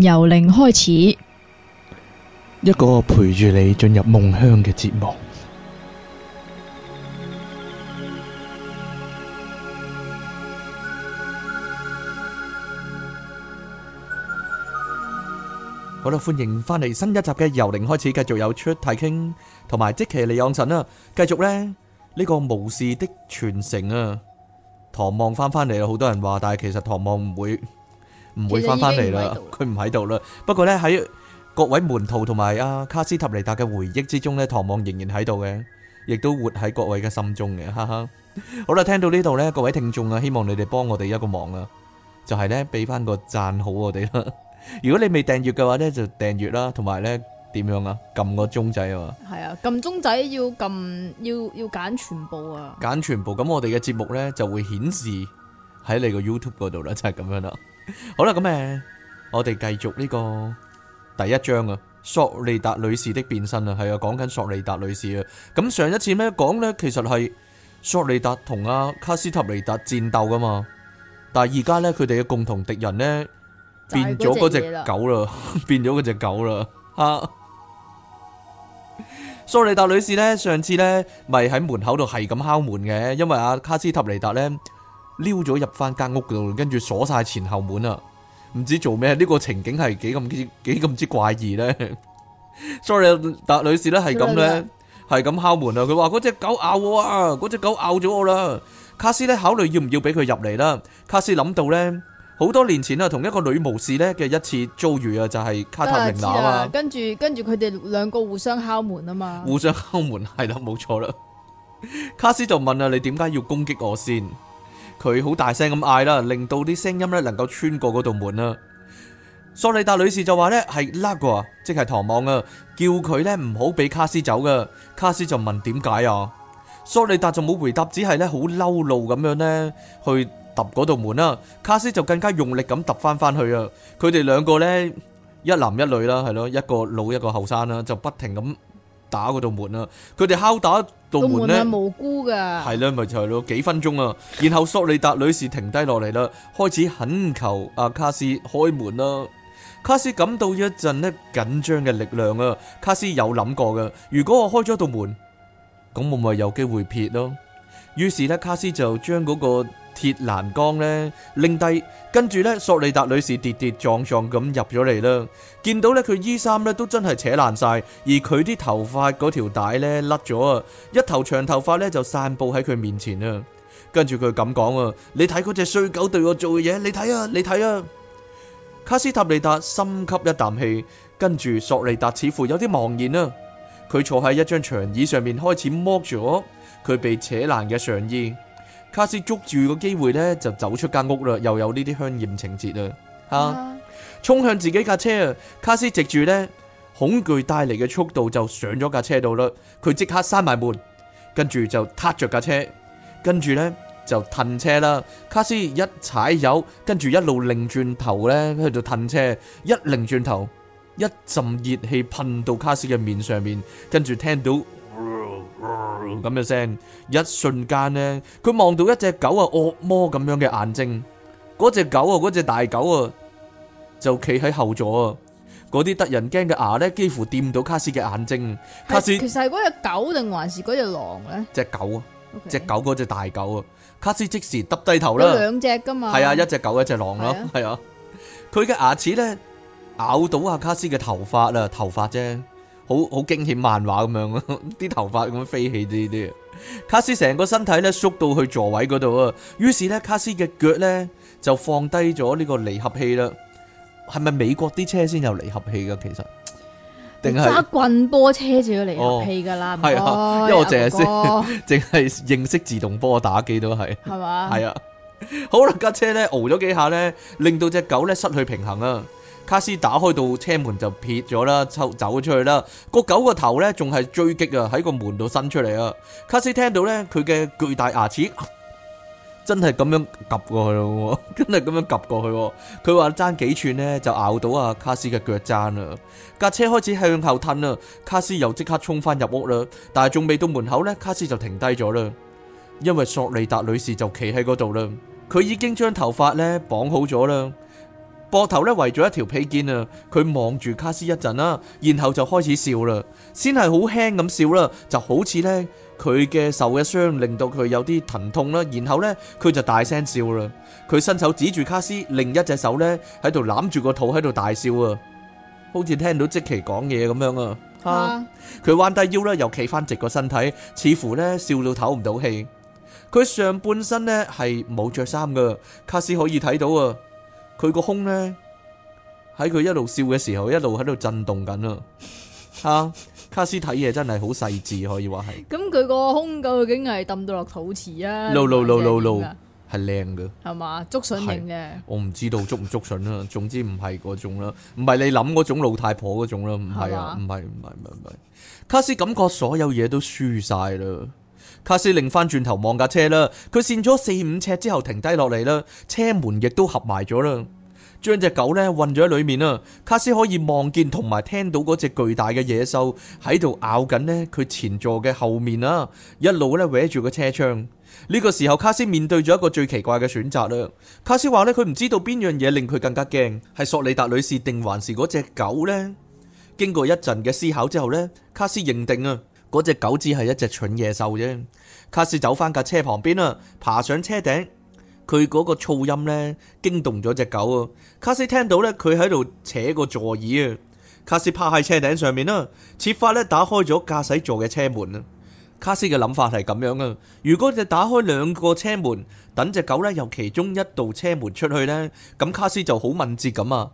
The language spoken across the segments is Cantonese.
由零開始，一個陪住你進入夢鄉嘅節目。好啦，歡迎翻嚟新一集嘅由零開始，繼續有出太傾同埋即其李養臣啦，繼續咧呢個巫士的傳承啊，唐望翻翻嚟啦，好多人話，但係其實唐望唔會。唔會翻翻嚟啦，佢唔喺度啦。不過呢，喺各位門徒同埋阿卡斯塔尼達嘅回憶之中咧，唐望仍然喺度嘅，亦都活喺各位嘅心中嘅。哈哈，好啦，聽到呢度咧，各位聽眾啊，希望你哋幫我哋一個忙啊，就係呢，俾翻個讚好我哋啦。 如果你未訂閱嘅話呢，就訂閱啦，同埋呢點樣啊？撳個鐘仔啊！係啊，撳鐘仔要撳要要揀全部啊！揀全部咁，我哋嘅節目呢就會顯示喺你個 YouTube 度啦，就係咁樣啦。好啦，咁誒，我哋繼續呢個第一章啊，索利達女士的變身啊，係啊，講緊索利達女士啊。咁上一次咧講咧，其實係索利達同阿卡斯塔尼達戰鬥噶嘛，但係而家咧，佢哋嘅共同敵人咧變咗嗰隻狗啦，變咗嗰隻狗啦。啊，索利達女士咧，上次咧咪喺門口度係咁敲門嘅，因為阿卡斯塔尼達咧，溜咗入翻間屋度，跟住鎖晒前後門啊！唔知做咩呢個情景係幾咁幾幾咁之怪異咧？Sorry，達女士咧係咁咧，係咁敲門啊！佢話嗰隻狗咬我啊！嗰隻狗咬咗我啦！卡斯咧考慮要唔要俾佢入嚟啦？卡斯諗到咧，好多年前啊，同一個女巫士咧嘅一次遭遇啊，就係卡塔琳娜啊嘛。跟住跟住佢哋兩個互相敲門啊嘛。互相敲門係啦，冇錯啦。卡斯就問啊，你點解要攻擊我先？佢好大聲咁嗌啦，令到啲聲音咧能夠穿過嗰道門啦。索利達女士就話咧係 Nagual 啊，即係唐望啊，叫佢咧唔好俾卡斯走噶。卡斯就問點解啊？索利達就冇回答，只係咧好嬲怒咁樣咧去揼嗰道門啦。卡斯就更加用力咁揼翻翻去啊！佢哋兩個咧一男一女啦，係咯，一個老一個後生啦，就不停咁。打嗰道門啊！佢哋敲打道門咧，係無辜㗎！係啦，咪就係、是、咯，幾分鐘啊！然後索利達女士停低落嚟啦，開始懇求阿、啊、卡斯開門啦。卡斯感到一陣呢緊張嘅力量啊！卡斯有諗過嘅，如果我開咗道門，咁我咪有機會撇咯。於是咧，卡斯就將嗰、那個。鐵欄杆咧，拎低，跟住咧，索利達女士跌跌撞撞咁入咗嚟啦。見到咧，佢衣衫咧都真係扯爛晒，而佢啲頭髮嗰條帶咧甩咗啊，一頭長頭髮咧就散布喺佢面前啊。跟住佢咁講啊，你睇嗰隻衰狗對我做嘅嘢，你睇啊，你睇啊。卡斯塔利達深吸一啖氣，跟住索利達似乎有啲茫然啊。佢坐喺一張長椅上面，開始剝咗佢被扯爛嘅上衣。卡斯捉住個機會咧，就走出間屋啦，又有呢啲香艷情節啊！吓，衝向自己架車啊！卡斯直住咧，恐懼帶嚟嘅速度就上咗架車度啦。佢即刻閂埋門，跟住就撻著架車，跟住咧就褪車啦。卡斯一踩油，跟住一路擰轉頭咧，喺度褪車。一擰轉頭，一陣熱氣噴到卡斯嘅面上面，跟住聽到。咁嘅聲，一瞬間咧，佢望到一隻狗啊，惡魔咁樣嘅眼睛。嗰隻狗啊，嗰隻大狗啊，就企喺後座啊。嗰啲得人驚嘅牙咧，幾乎掂到卡斯嘅眼睛。卡斯其實係嗰隻狗定還是嗰隻狼咧？隻狗啊，隻狗嗰隻大狗啊！卡斯即時耷低頭啦。有兩隻噶嘛？係啊，一隻狗，一隻狼咯，係啊。佢嘅牙齒咧咬到阿卡斯嘅頭髮啦，頭髮啫。好好驚險漫畫咁樣咯，啲頭髮咁樣飛起，啲啲。卡斯成個身體咧縮到去座位嗰度啊，於是咧卡斯嘅腳咧就放低咗呢個離合器啦。係咪美國啲車先有離合器噶？其實定係揸棍波車就要離合器噶啦。係、哦、託啊，託因為我淨係識淨係認識自動波打機都係係嘛。係吧是啊， 好啦，架車咧熬咗幾下咧，令到隻狗咧失去平衡啊！卡斯打開到車門就撇咗啦，走咗出去啦。個狗個頭呢，仲係追擊啊，喺個門度伸出嚟啊！卡斯聽到呢，佢嘅巨大牙齒、啊、真係咁樣夾過去咯，真係咁樣夾過去。佢話爭幾寸呢，就咬到啊！卡斯嘅腳踭啊，架車開始向後褪啦。卡斯又即刻衝翻入屋啦，但係仲未到門口呢，卡斯就停低咗啦，因為索利達女士就企喺嗰度啦。佢已經將頭髮呢綁好咗啦。膊頭咧圍咗一條披肩啊！佢望住卡斯一陣啦，然後就開始笑啦，先係好輕咁笑啦，就好似咧佢嘅受一傷令到佢有啲疼痛啦，然後咧佢就大聲笑啦！佢伸手指住卡斯，另一隻手咧喺度攬住個肚喺度大笑啊，好似聽到積奇講嘢咁樣啊！吓，佢彎低腰咧，又企翻直個身體，似乎咧笑到唞唔到氣。佢上半身咧係冇着衫噶，卡斯可以睇到啊。佢個胸咧，喺佢一路笑嘅時候，一路喺度震動緊啦。吓、啊，卡斯睇嘢真係好細致，可以話係。咁佢個胸究竟係抌到落肚臍啊？露露露露露，係靚嘅。係嘛，竹筍型嘅。我唔知道捉唔捉筍啊。總之唔係嗰種啦，唔係你諗嗰種老太婆嗰種啦，唔係啊，唔係唔係唔係唔係。卡斯感覺所有嘢都輸晒啦。卡斯擰翻轉頭望架車啦，佢閃咗四五尺之後停低落嚟啦，車門亦都合埋咗啦，將隻狗呢韞咗喺裏面啦。卡斯可以望見同埋聽到嗰隻巨大嘅野獸喺度咬緊呢佢前座嘅後面啦，一路咧搲住個車窗。呢個時候卡斯面對咗一個最奇怪嘅選擇啦。卡斯話呢，佢唔知道邊樣嘢令佢更加驚，係索里達女士定還是嗰隻狗呢？經過一陣嘅思考之後呢，卡斯認定啊嗰隻狗只係一隻蠢野獸啫。卡斯走翻架車旁邊啦，爬上車頂。佢嗰個噪音呢驚動咗隻狗啊！卡斯聽到呢，佢喺度扯個座椅啊！卡斯趴喺車頂上面啦，設法呢打開咗駕駛座嘅車門啊！卡斯嘅諗法係咁樣啊：如果你打開兩個車門，等隻狗呢由其中一道車門出去呢，咁卡斯就好敏捷咁啊，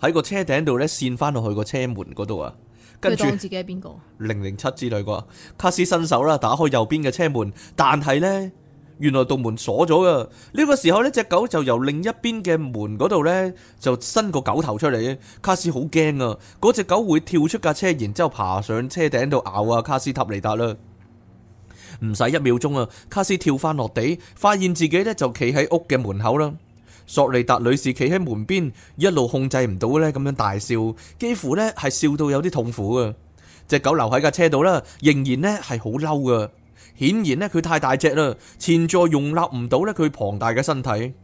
喺個車頂度呢扇翻落去個車門嗰度啊！跟住自己係邊個？零零七之類啩？卡斯伸手啦，打開右邊嘅車門，但係呢，原來道門鎖咗噶。呢個時候呢，隻狗就由另一邊嘅門嗰度呢，就伸個狗頭出嚟。卡斯好驚啊！嗰隻狗會跳出架車，然之後爬上車頂度咬啊！卡斯塔尼達啦，唔使一秒鐘啊！卡斯跳翻落地，發現自己呢就企喺屋嘅門口啦。索利達女士企喺門邊，一路控制唔到呢咁樣大笑，幾乎呢係笑到有啲痛苦啊！隻狗留喺架車度啦，仍然呢係好嬲噶，顯然呢，佢太大隻啦，前座容納唔到呢佢龐大嘅身體。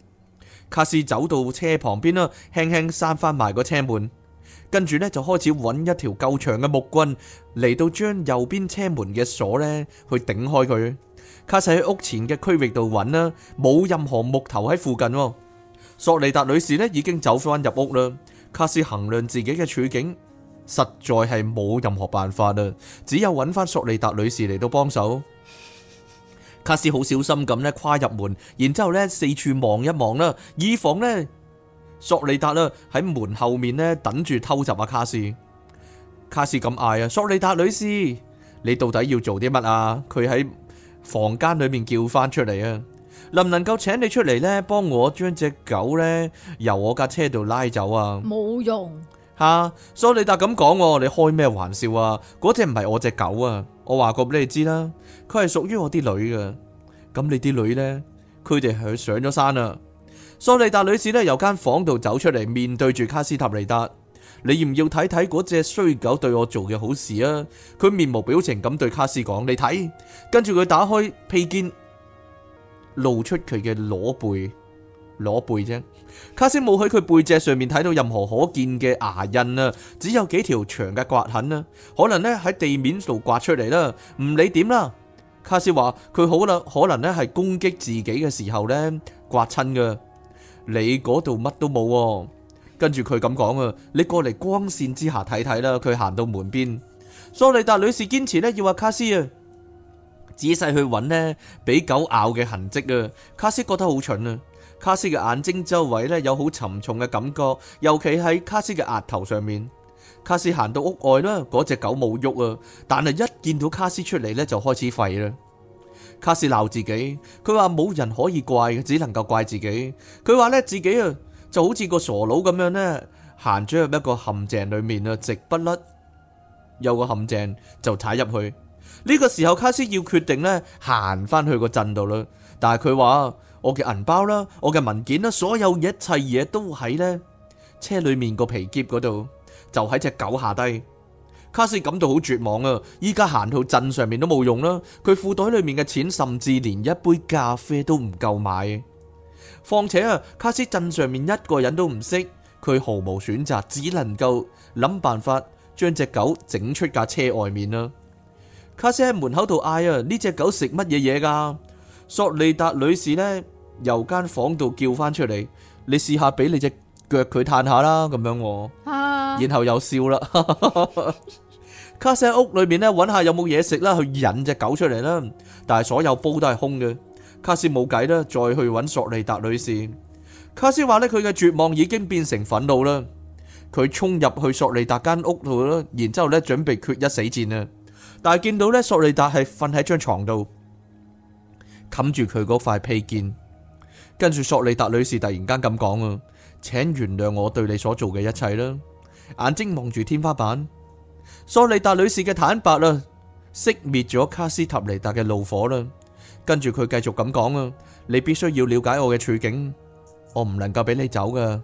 卡斯走到車旁邊啦，輕輕閂翻埋個車門，跟住呢就開始揾一條夠長嘅木棍嚟到將右邊車門嘅鎖呢去頂開佢。卡西喺屋前嘅區域度揾啦，冇任何木頭喺附近。索利達女士咧已經走翻入屋啦，卡斯衡量自己嘅處境，實在係冇任何辦法啦，只有揾翻索利達女士嚟到幫手。卡斯好小心咁咧跨入門，然之後咧四處望一望啦，以防咧索利達啦喺門後面咧等住偷襲阿卡斯。卡斯咁嗌啊，索利達女士，你到底要做啲乜啊？佢喺房間裏面叫翻出嚟啊！能唔能夠請你出嚟呢？幫我將隻狗呢由我架車度拉走啊？冇用吓、啊，索利達咁講，你開咩玩笑啊？嗰隻唔係我隻狗啊！我話過俾你知啦，佢係屬於我啲女㗎。咁你啲女呢？佢哋係去上咗山啦。索利達女士呢，由間房度走出嚟，面對住卡斯塔利達，你要唔要睇睇嗰隻衰狗對我做嘅好事啊？佢面無表情咁對卡斯講：你睇。跟住佢打開披肩。露出佢嘅裸背，裸背啫。卡斯冇喺佢背脊上面睇到任何可見嘅牙印啊，只有幾條長嘅刮痕啊，可能咧喺地面度刮出嚟啦。唔理點啦，卡斯話佢好啦，可能咧係攻擊自己嘅時候咧刮親噶。你嗰度乜都冇，跟住佢咁講啊，你過嚟光線之下睇睇啦。佢行到門邊，蘇利達女士堅持咧要話卡斯啊。仔細去搵呢，俾狗咬嘅痕跡啊！卡斯覺得好蠢啊！卡斯嘅眼睛周圍呢，有好沉重嘅感覺，尤其喺卡斯嘅額頭上面。卡斯行到屋外啦，嗰隻狗冇喐啊，但係一見到卡斯出嚟呢，就開始吠啦。卡斯鬧自己，佢話冇人可以怪，只能夠怪自己。佢話呢，自己啊就好似個傻佬咁樣呢，行咗入一個陷阱裏面啊，直不甩，有個陷阱就踩入去。呢個時候，卡斯要決定咧行翻去個鎮度啦。但係佢話：我嘅銀包啦，我嘅文件啦，所有一切嘢都喺呢車裏面個皮夾嗰度，就喺隻狗下低。卡斯感到好絕望啊！依家行到鎮上面都冇用啦、啊。佢褲袋裏面嘅錢，甚至連一杯咖啡都唔夠買、啊。況且啊，卡斯鎮上面一個人都唔識，佢毫無選擇，只能夠諗辦法將隻狗整出架車外面啦、啊。卡斯喺門口度嗌啊！呢隻狗食乜嘢嘢噶？索利達女士呢，由間房度叫翻出嚟，你試下俾你隻腳佢嘆下啦，咁樣，然後又笑啦。哈哈哈哈 卡斯喺屋裏面呢，揾下有冇嘢食啦，去引隻狗出嚟。啦。但係所有煲都係空嘅，卡斯冇計啦，再去揾索利達女士。卡斯話呢，佢嘅絕望已經變成憤怒啦，佢衝入去索利達間屋度啦，然之後呢，準備決一死戰啊！但係見到咧，索利達係瞓喺張床度，冚住佢嗰塊披肩。跟住索利達女士突然間咁講啊，請原諒我對你所做嘅一切啦。眼睛望住天花板，索利達女士嘅坦白啦，熄滅咗卡斯塔尼達嘅怒火啦。跟住佢繼續咁講啊，你必須要了解我嘅處境，我唔能夠俾你走噶。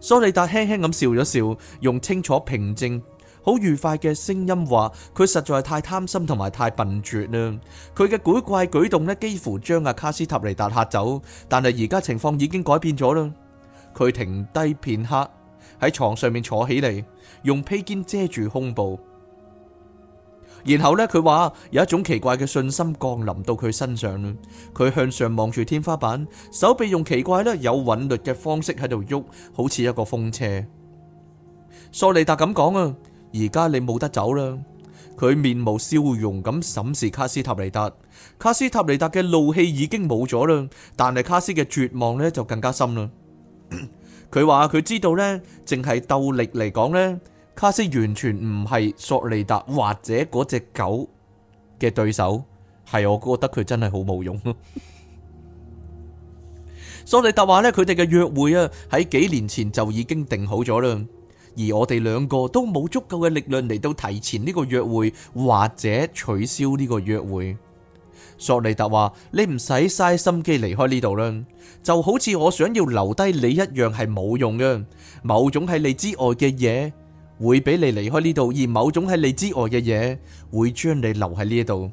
索利達輕輕咁笑咗笑，用清楚平靜。好愉快嘅聲音話：佢實在係太貪心同埋太笨拙啦。佢嘅古怪舉動呢，幾乎將阿卡斯塔尼達嚇走。但係而家情況已經改變咗啦。佢停低片刻，喺床上面坐起嚟，用披肩遮住胸部。然後呢，佢話有一種奇怪嘅信心降臨到佢身上。佢向上望住天花板，手臂用奇怪咧有韻律嘅方式喺度喐，好似一個風車。索尼達咁講啊！而家你冇得走啦！佢面無笑容咁審視卡斯塔尼達，卡斯塔尼達嘅怒氣已經冇咗啦，但係卡斯嘅絕望呢就更加深啦。佢話佢知道呢，淨係鬥力嚟講呢，卡斯完全唔係索尼達或者嗰隻狗嘅對手，係我覺得佢真係好冇用咯。索尼達話呢，佢哋嘅約會啊，喺幾年前就已經定好咗啦。而我哋兩個都冇足夠嘅力量嚟到提前呢個約會或者取消呢個約會。索利達話：你唔使嘥心機離開呢度啦，就好似我想要留低你一樣，係冇用㗎。某種喺你之外嘅嘢會俾你離開呢度，而某種喺你之外嘅嘢會將你留喺呢度。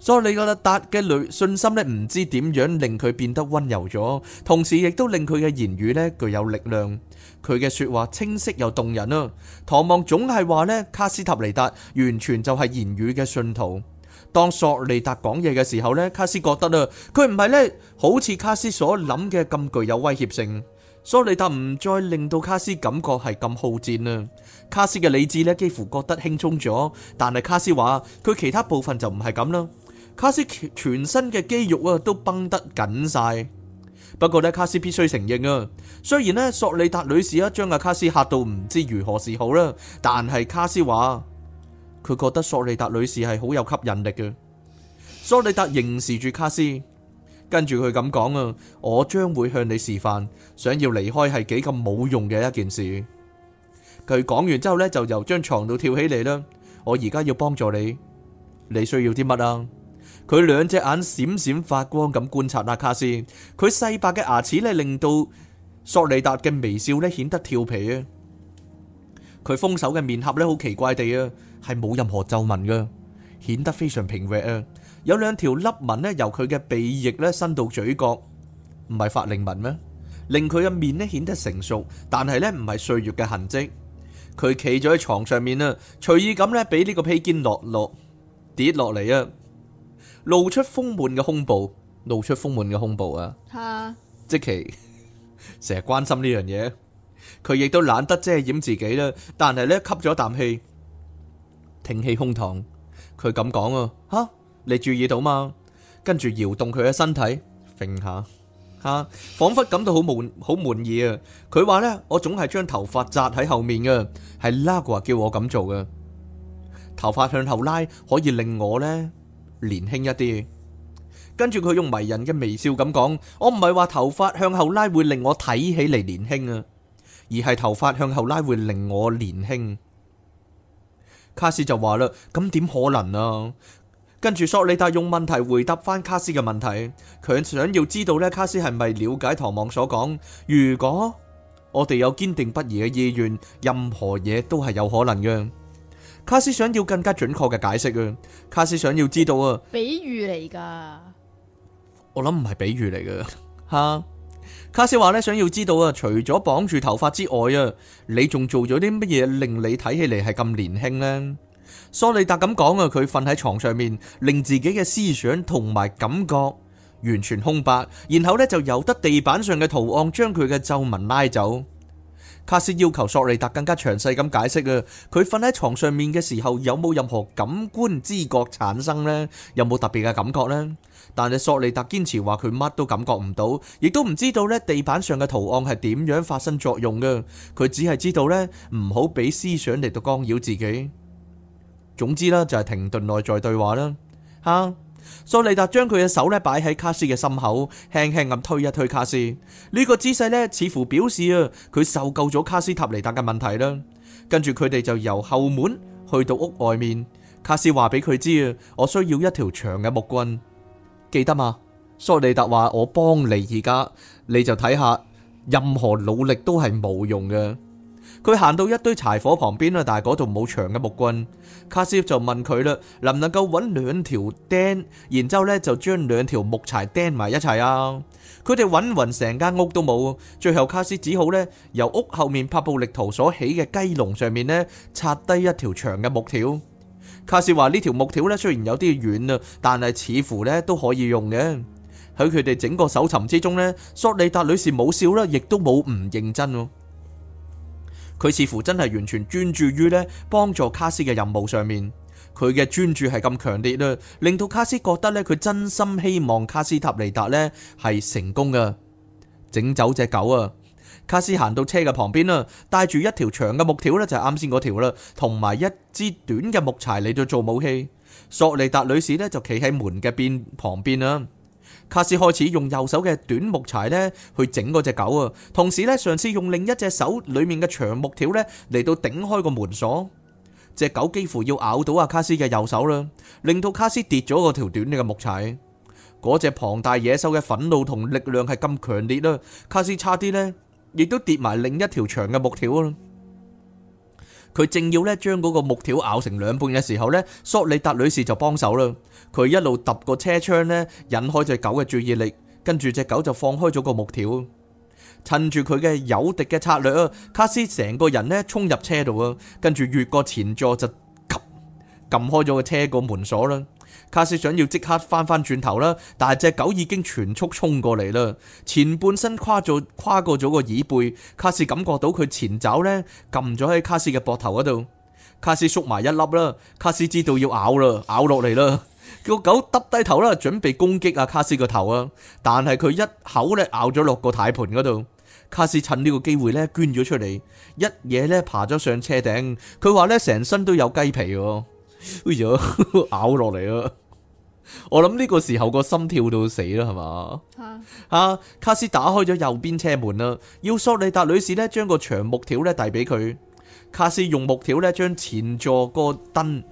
索利達嘅信心咧，唔知點樣令佢變得溫柔咗，同時亦都令佢嘅言語呢具有力量。佢嘅說話清晰又動人啊！唐望總係話呢，卡斯塔尼達完全就係言語嘅信徒。當索利達講嘢嘅時候呢，卡斯覺得啊，佢唔係呢好似卡斯所諗嘅咁具有威脅性。索利達唔再令到卡斯感覺係咁好戰啊。卡斯嘅理智呢幾乎覺得輕鬆咗，但係卡斯話佢其他部分就唔係咁啦。卡斯全身嘅肌肉啊都繃得緊晒。不過咧，卡斯必須承認啊，雖然呢，索利達女士啊將阿卡斯嚇到唔知如何是好啦，但係卡斯話佢覺得索利達女士係好有吸引力嘅。索利達凝視住卡斯，跟住佢咁講啊：我將會向你示範，想要離開係幾咁冇用嘅一件事。佢講完之後呢，就由張床度跳起嚟。啦，我而家要幫助你，你需要啲乜啊？佢兩隻眼閃閃發光咁觀察阿卡斯，佢細白嘅牙齒咧，令到索尼達嘅微笑咧顯得調皮啊！佢封手嘅面頰咧，好奇怪地啊，係冇任何皺紋噶，顯得非常平滑啊！有兩條粒紋咧，由佢嘅鼻翼咧伸到嘴角，唔係法令紋咩？令佢嘅面咧顯得成熟，但係咧唔係歲月嘅痕跡。佢企咗喺床上面啊，隨意咁咧，俾呢個披肩落落跌落嚟啊！落落落露出豐滿嘅胸部，露出豐滿嘅胸部啊！哈，即其成日關心呢樣嘢，佢亦都懶得遮掩自己啦。但係咧，吸咗一啖氣，挺起胸膛，佢咁講啊！哈，你注意到嘛？跟住搖動佢嘅身體，揈下，哈，仿佛感到好滿，好滿意啊！佢話咧，我總係將頭髮紮喺後面嘅，係拉過話叫我咁做嘅，頭髮向後拉可以令我咧。年輕一啲，跟住佢用迷人嘅微笑咁講：，我唔係話頭髮向後拉會令我睇起嚟年輕啊，而係頭髮向後拉會令我年輕。卡斯就話啦：，咁點可能啊？跟住索里達用問題回答翻卡斯嘅問題，佢想要知道呢卡斯係咪了解唐望所講。如果我哋有堅定不移嘅意願，任何嘢都係有可能嘅。卡斯想要更加準確嘅解釋啊！卡斯想要知道啊，比喻嚟噶，我諗唔係比喻嚟噶吓。 卡斯話咧想要知道啊，除咗綁住頭髮之外啊，你仲做咗啲乜嘢令你睇起嚟係咁年輕呢？索利達咁講啊，佢瞓喺床上面，令自己嘅思想同埋感覺完全空白，然後咧就由得地板上嘅圖案將佢嘅皺紋拉走。卡斯要求索利達更加詳細咁解釋啊，佢瞓喺床上面嘅時候有冇任何感官知覺產生呢？有冇特別嘅感覺呢？但係索利達堅持話佢乜都感覺唔到，亦都唔知道呢地板上嘅圖案係點樣發生作用嘅。佢只係知道呢唔好俾思想嚟到干擾自己。總之啦，就係停頓內在對話啦。吓。索利達將佢嘅手咧擺喺卡斯嘅心口，輕輕咁推一推卡斯。呢個姿勢咧，似乎表示啊，佢受夠咗卡斯塔尼達嘅問題啦。跟住佢哋就由後門去到屋外面。卡斯話俾佢知啊，我需要一條長嘅木棍，記得嘛？索利達話：我幫你而家，你就睇下，任何努力都係冇用嘅。佢行到一堆柴火旁邊啦，但係嗰度冇長嘅木棍。卡斯就問佢啦，能唔能夠揾兩條釘，然之後咧就將兩條木柴釘埋一齊啊？佢哋揾匀成間屋都冇，最後卡斯只好咧由屋後面拍布力圖所起嘅雞籠上面咧拆低一條長嘅木條。卡斯話呢條木條咧雖然有啲軟啊，但係似乎咧都可以用嘅。喺佢哋整個搜尋之中咧，索莉達女士冇笑啦，亦都冇唔認真。佢似乎真係完全專注於呢，幫助卡斯嘅任務上面，佢嘅專注係咁強烈啦，令到卡斯覺得呢，佢真心希望卡斯塔尼達呢係成功㗎，整走隻狗啊！卡斯行到車嘅旁邊啦，帶住一條長嘅木條呢，就係啱先嗰條啦，同埋一支短嘅木柴嚟到做武器。索尼達女士呢，就企喺門嘅邊旁邊啊。卡斯開始用右手嘅短木柴呢去整嗰隻狗啊，同時呢，嘗試用另一隻手裏面嘅長木條呢嚟到頂開個門鎖。隻狗幾乎要咬到阿卡斯嘅右手啦，令到卡斯跌咗嗰條短嘅木柴。嗰隻龐大野獸嘅憤怒同力量係咁強烈啦，卡斯差啲呢，亦都跌埋另一條長嘅木條啊！佢正要咧將嗰個木條咬成兩半嘅時候，呢索里達女士就幫手啦。佢一路揼個車窗，呢引開隻狗嘅注意力，跟住隻狗就放開咗個木條。趁住佢嘅有敵嘅策略，卡斯成個人呢衝入車度啊，跟住越過前座就撳開咗個車個門鎖啦。卡斯想要即刻翻翻轉頭啦，但係隻狗已經全速衝過嚟啦，前半身跨咗跨過咗個椅背，卡斯感覺到佢前爪呢撳咗喺卡斯嘅膊頭嗰度，卡斯縮埋一粒啦，卡斯知道要咬啦，咬落嚟啦，個狗耷低頭啦，準備攻擊阿卡斯個頭啊，但係佢一口咧咬咗落個軚盤嗰度，卡斯趁呢個機會呢捐咗出嚟，一嘢呢爬咗上車頂，佢話呢成身都有雞皮喎，哎呀 咬落嚟啊！我諗呢個時候個心跳到死啦，係嘛？啊，卡斯打開咗右邊車門啦，要索利達女士咧將個長木條咧遞俾佢。卡斯用木條咧將前座個燈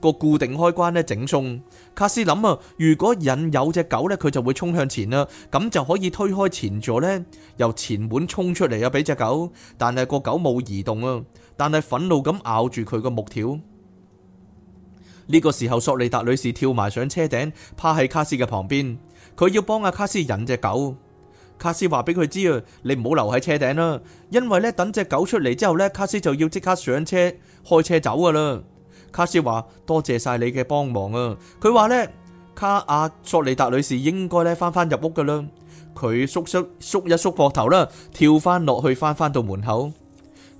個固定開關咧整鬆。卡斯諗啊，如果引誘隻狗呢，佢就會衝向前啦，咁就可以推開前座呢，由前門衝出嚟啊，俾隻狗。但係個狗冇移動啊，但係憤怒咁咬住佢個木條。呢個時候，索利達女士跳埋上車頂，趴喺卡斯嘅旁邊。佢要幫阿卡斯引隻狗。卡斯話俾佢知啊，你唔好留喺車頂啦，因為咧等隻狗出嚟之後咧，卡斯就要即刻上車開車走噶啦。卡斯話多謝晒你嘅幫忙啊。佢話咧卡阿索利達女士應該咧翻返入屋噶啦，佢縮縮縮一縮膊頭啦，跳翻落去翻返到門口。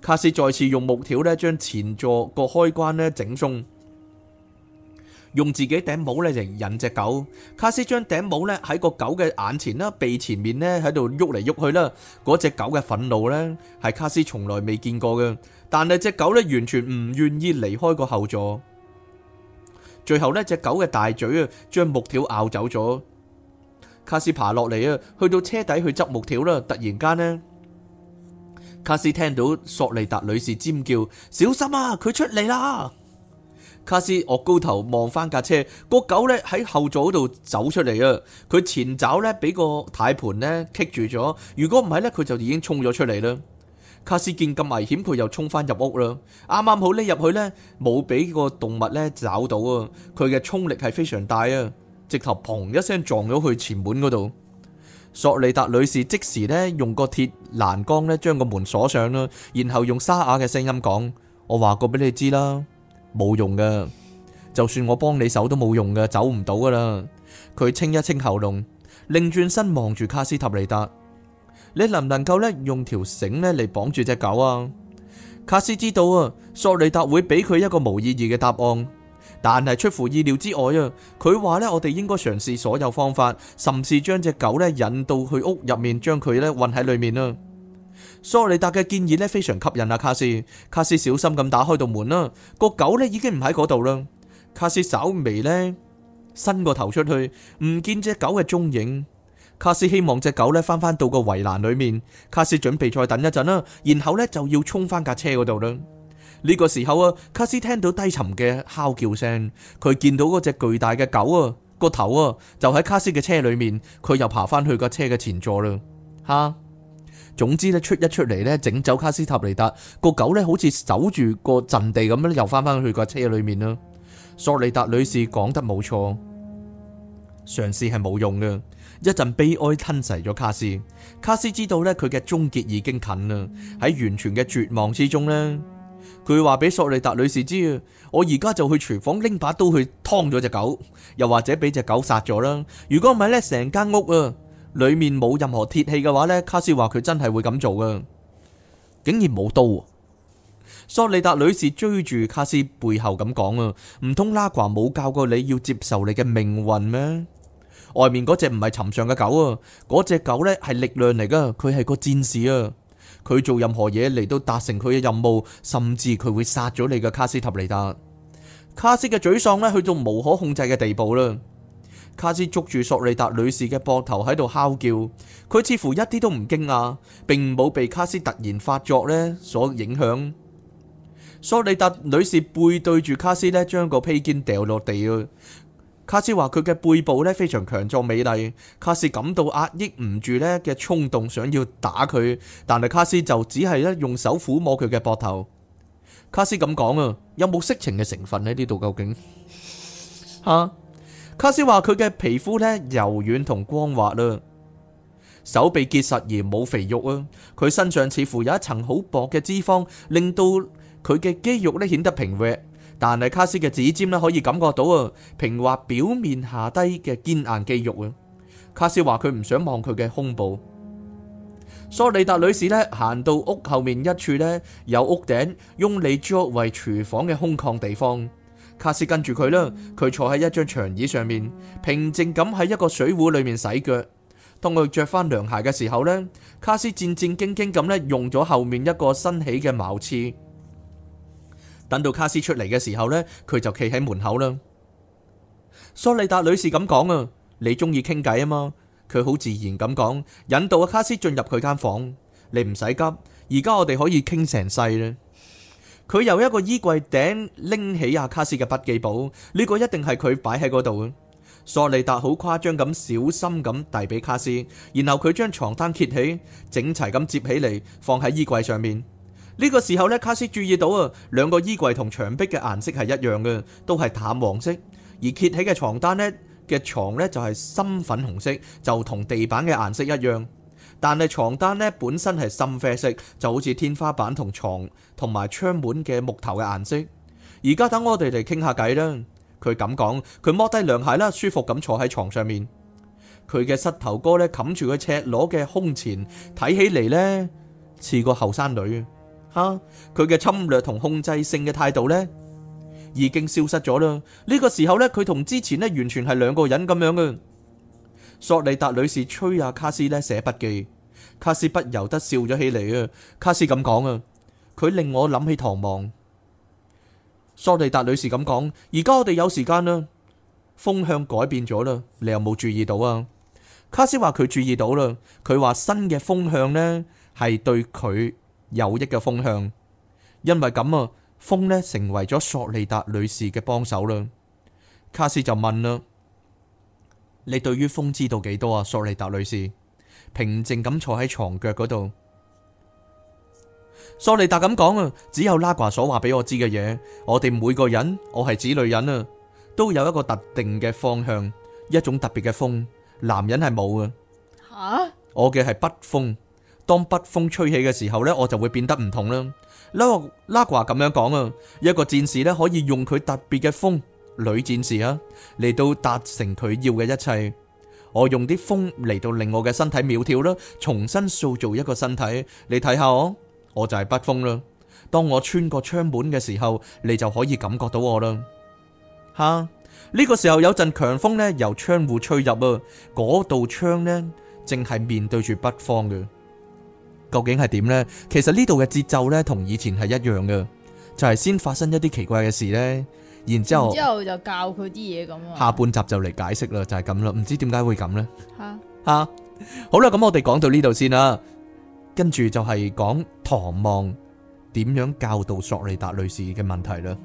卡斯再次用木條咧將前座個開關咧整鬆。用自己頂帽咧嚟引隻狗，卡斯將頂帽咧喺個狗嘅眼前啦、鼻前面咧喺度喐嚟喐去啦。嗰隻狗嘅憤怒咧係卡斯從來未見過嘅，但係隻狗咧完全唔願意離開個後座。最後咧隻狗嘅大嘴啊，將木條咬走咗。卡斯爬落嚟啊，去到車底去執木條啦。突然間咧，卡斯聽到索利達女士尖叫：小心啊，佢出嚟啦！卡斯岳高頭望翻架車，個狗咧喺後座嗰度走出嚟啊！佢前爪咧俾個軚盤咧棘住咗，如果唔係咧佢就已經衝咗出嚟啦。卡斯見咁危險，佢又衝翻入屋啦。啱啱好咧匿入去咧冇俾個動物咧找到啊！佢嘅衝力係非常大啊，直頭砰一聲撞咗去前門嗰度。索利達女士即時咧用個鐵欄杆咧將個門鎖上啦，然後用沙啞嘅聲音講：我話過俾你知啦。冇用噶，就算我幫你手都冇用噶，走唔到噶啦。佢清一清喉嚨，擰轉身望住卡斯塔尼達，你能唔能夠咧用條繩咧嚟綁住隻狗啊？卡斯知道啊，索利達會俾佢一個無意義嘅答案，但係出乎意料之外啊，佢話呢，我哋應該嘗試所有方法，甚至將隻狗呢引到去屋入面，將佢呢困喺裏面啊。索利達嘅建議咧非常吸引啊，卡斯。卡斯小心咁打開道門啦，個狗咧已經唔喺嗰度啦。卡斯稍微咧伸個頭出去，唔見隻狗嘅蹤影。卡斯希望隻狗咧翻翻到個圍欄裏面。卡斯準備再等一陣啦，然後咧就要衝翻架車嗰度啦。呢個時候啊，卡斯聽到低沉嘅哮叫聲，佢見到嗰隻巨大嘅狗啊個頭啊就喺卡斯嘅車裏面，佢又爬翻去個車嘅前座啦，吓！總之咧，出一出嚟咧，整走卡斯塔尼達個狗咧，好似守住個陣地咁樣，又翻翻去架車裏面啦。索利達女士講得冇錯，嘗試係冇用嘅。一陣悲哀吞噬咗卡斯，卡斯知道咧佢嘅終結已經近啦。喺完全嘅絕望之中咧，佢話俾索利達女士知啊，我而家就去廚房拎把刀去劏咗隻狗，又或者俾隻狗殺咗啦。如果唔係咧，成間屋啊！裏面冇任何鐵器嘅話呢，卡斯話佢真係會咁做噶，竟然冇刀。索利達女士追住卡斯背後咁講啊，唔通拉瓜冇教過你要接受你嘅命運咩？外面嗰隻唔係尋常嘅狗啊，嗰隻狗呢係力量嚟噶，佢係個戰士啊，佢做任何嘢嚟到達成佢嘅任務，甚至佢會殺咗你嘅卡斯塔尼達。卡斯嘅沮喪呢去到無可控制嘅地步啦。卡斯捉住索利達女士嘅膊頭喺度敲叫，佢似乎一啲都唔驚訝，並冇被卡斯突然發作呢所影響。索利達女士背對住卡斯呢，將個披肩掉落地啊。卡斯話佢嘅背部呢非常強壯美麗，卡斯感到壓抑唔住呢嘅衝動，想要打佢，但係卡斯就只係咧用手撫摸佢嘅膊頭。卡斯咁講啊，有冇色情嘅成分呢？呢度究竟吓？卡斯話佢嘅皮膚呢，柔軟同光滑啦，手臂結實而冇肥肉啊，佢身上似乎有一層好薄嘅脂肪，令到佢嘅肌肉呢顯得平滑。但係卡斯嘅指尖呢，可以感覺到啊，平滑表面下低嘅堅硬肌肉啊。卡斯話佢唔想望佢嘅胸部。索利達女士呢，行到屋後面一處呢，有屋頂，用嚟作為廚房嘅空曠地方。卡斯跟住佢啦，佢坐喺一張長椅上面，平靜咁喺一個水壺裏面洗腳。當佢着返涼鞋嘅時候呢，卡斯戰戰兢兢咁咧用咗後面一個新起嘅茅廁。等到卡斯出嚟嘅時候呢，佢就企喺門口啦。蘇利達女士咁講啊，你中意傾偈啊嘛？佢好自然咁講，引導阿卡斯進入佢間房。你唔使急，而家我哋可以傾成世啦。佢由一個衣櫃頂拎起阿卡斯嘅筆記簿，呢個一定係佢擺喺嗰度嘅。索利達好誇張咁，小心咁遞俾卡斯，然後佢將床單揭起，整齊咁接起嚟，放喺衣櫃上面。呢個時候呢，卡斯注意到啊，兩個衣櫃同牆壁嘅顏色係一樣嘅，都係淡黃色，而揭起嘅床單呢，嘅床呢就係深粉紅色，就同地板嘅顏色一樣。但係床單呢，本身係深啡色，就好似天花板同床同埋窗門嘅木頭嘅顏色。而家等我哋嚟傾下偈啦。佢咁講，佢摸低涼鞋啦，舒服咁坐喺床上面。佢嘅膝頭哥呢，冚住佢赤裸嘅胸前，睇起嚟呢，似個後生女。吓，佢嘅侵略同控制性嘅態度呢，已經消失咗啦。呢個時候呢，佢同之前呢，完全係兩個人咁樣嘅。索利達女士催啊，卡斯呢寫筆記，卡斯不由得笑咗起嚟啊。卡斯咁講啊，佢令我諗起唐望。索利達女士咁講，而家我哋有時間啦，風向改變咗啦，你有冇注意到啊？卡斯話佢注意到啦，佢話新嘅風向呢係對佢有益嘅風向，因為咁啊，風呢成為咗索利達女士嘅幫手啦。卡斯就問啦。你對於風知道幾多啊？索利達女士平靜咁坐喺床腳嗰度。索利達咁講啊，只有拉瓜所話俾我知嘅嘢。我哋每個人，我係指女人啊，都有一個特定嘅方向，一種特別嘅風。男人係冇嘅。吓、啊，我嘅係北風。當北風吹起嘅時候呢，我就會變得唔同啦。拉拉瓜咁樣講啊，一個戰士呢可以用佢特別嘅風。女戰士啊，嚟到達成佢要嘅一切。我用啲風嚟到令我嘅身體苗條啦，重新塑造一個身體。你睇下我，我就係北風啦。當我穿過窗門嘅時候，你就可以感覺到我啦。吓，呢、這個時候有陣強風呢，由窗戶吹入啊。嗰道窗呢，正係面對住北方嘅。究竟係點呢？其實呢度嘅節奏呢，同以前係一樣嘅，就係、是、先發生一啲奇怪嘅事呢。然之後，之後就教佢啲嘢咁啊。下半集就嚟解釋啦，就係咁啦。唔知點解會咁咧，吓吓好啦。咁我哋講到呢度先啦，跟住就係講唐望點樣教導索利達女士嘅問題啦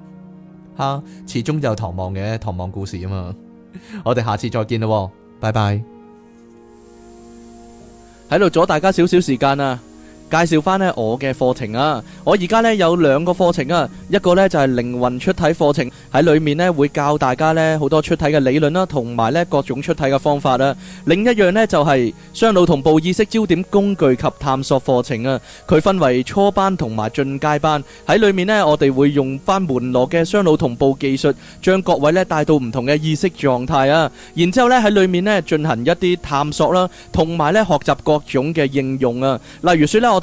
吓、啊。始終就有唐望嘅唐望故事啊嘛。我哋下次再見啦，拜拜。喺度 阻大家少少時間啊。介紹翻呢我嘅課程啊，我而家呢有兩個課程啊，一個呢就係靈魂出體課程，喺裏面呢會教大家呢好多出體嘅理論啦，同埋呢各種出體嘅方法啊。另一樣呢就係雙腦同步意識焦點工具及探索課程啊。佢分為初班同埋進階班，喺裏面呢我哋會用翻門羅嘅雙腦同步技術，將各位呢帶到唔同嘅意識狀態啊。然之後呢喺裏面呢進行一啲探索啦，同埋呢學習各種嘅應用啊。例如說呢我。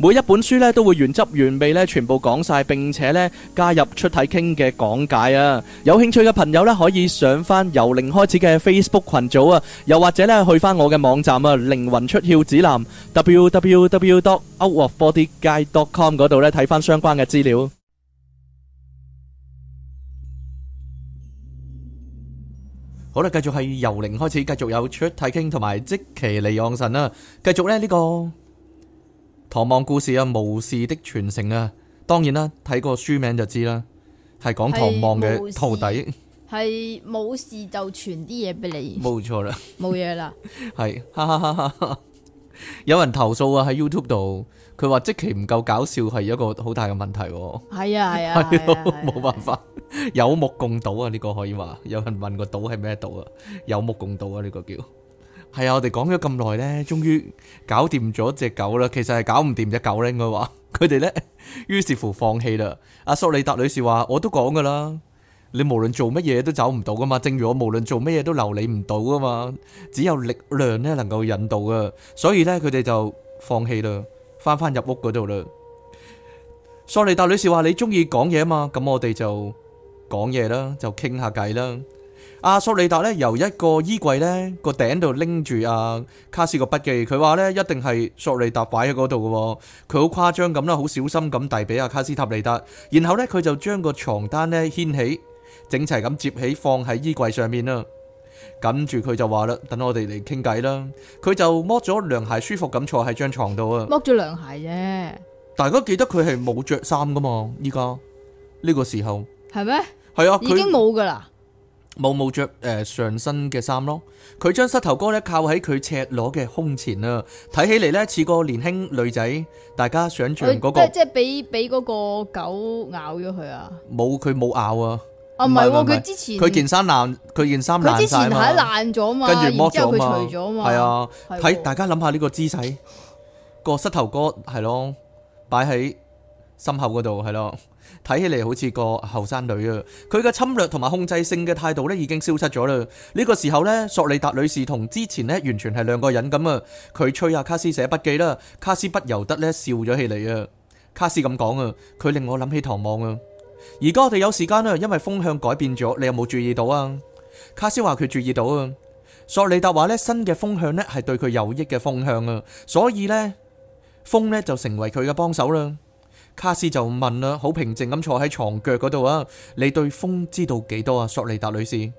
每一本書咧都會原汁原味咧全部講晒，並且咧加入出體傾嘅講解啊！有興趣嘅朋友咧可以上翻由零開始嘅 Facebook 群組啊，又或者咧去翻我嘅網站啊靈魂出竅指南 www.outofbodyguide.com 嗰度咧睇翻相關嘅資料。好啦，繼續係由零開始，繼續有出體傾同埋即其利妄神啊！繼續咧呢個。唐望故事啊，巫士的傳承啊，當然啦，睇個書名就知啦，係講唐望嘅徒弟，係巫士，巫士就傳啲嘢俾你，冇錯啦，冇嘢啦，係 哈哈哈哈，有人投訴啊喺 YouTube 度，佢話即期唔夠搞笑係一個好大嘅問題，係啊係啊，冇辦法，有目共睹啊呢個可以話，有人問個賭係咩賭啊，有目共睹啊呢個叫。係啊，我哋講咗咁耐咧，終於搞掂咗隻狗啦。其實係搞唔掂隻狗呢，應該話，佢哋咧，於是乎放棄啦。阿索利達女士話：，我都講噶啦，你無論做乜嘢都走唔到噶嘛。正如我無論做乜嘢都留你唔到噶嘛。只有力量咧能夠引導噶，所以咧佢哋就放棄啦，翻翻入屋嗰度啦。索利達女士話：，你中意講嘢啊嘛，咁我哋就講嘢啦，就傾下偈啦。阿索利達咧由一個衣櫃咧個頂度拎住阿卡斯個筆記，佢話咧一定係索利達擺喺嗰度嘅，佢好誇張咁啦，好小心咁遞俾阿卡斯塔利達，然後呢，佢就將個床單咧掀起，整齊咁摺起放喺衣櫃上面啦，跟住佢就話啦，等我哋嚟傾偈啦，佢就剝咗涼鞋，舒服咁坐喺張床度啊，剝咗涼鞋啫，大家記得佢係冇着衫噶嘛，依家呢個時候係咩？係嗎啊，已經冇噶啦。冇冇着誒上身嘅衫咯，佢將膝頭哥咧靠喺佢赤裸嘅胸前啊，睇起嚟咧似個年輕女仔。大家想象嗰個，即係俾俾嗰個狗咬咗佢啊！冇，佢冇咬啊！啊，唔係喎，佢之前佢件衫爛，佢件衫爛之前係爛咗嘛，跟住剝咗佢除咗嘛，係啊！睇大家諗下呢個姿勢，個 膝頭哥係咯，擺喺心口嗰度係咯。睇起嚟好似個後生女啊！佢嘅侵略同埋控制性嘅態度呢已經消失咗啦。呢個時候呢，索利達女士同之前呢完全係兩個人咁啊。佢催下卡斯寫筆記啦，卡斯不由得咧笑咗起嚟啊。卡斯咁講啊，佢令我諗起唐望啊。而家我哋有時間啦，因為風向改變咗，你有冇注意到啊？卡斯話佢注意到啊。索利達話呢，新嘅風向呢係對佢有益嘅風向啊，所以呢，風呢就成為佢嘅幫手啦。卡斯就問啦，好平靜咁坐喺床腳嗰度啊，你對風知道幾多啊？索利達女士，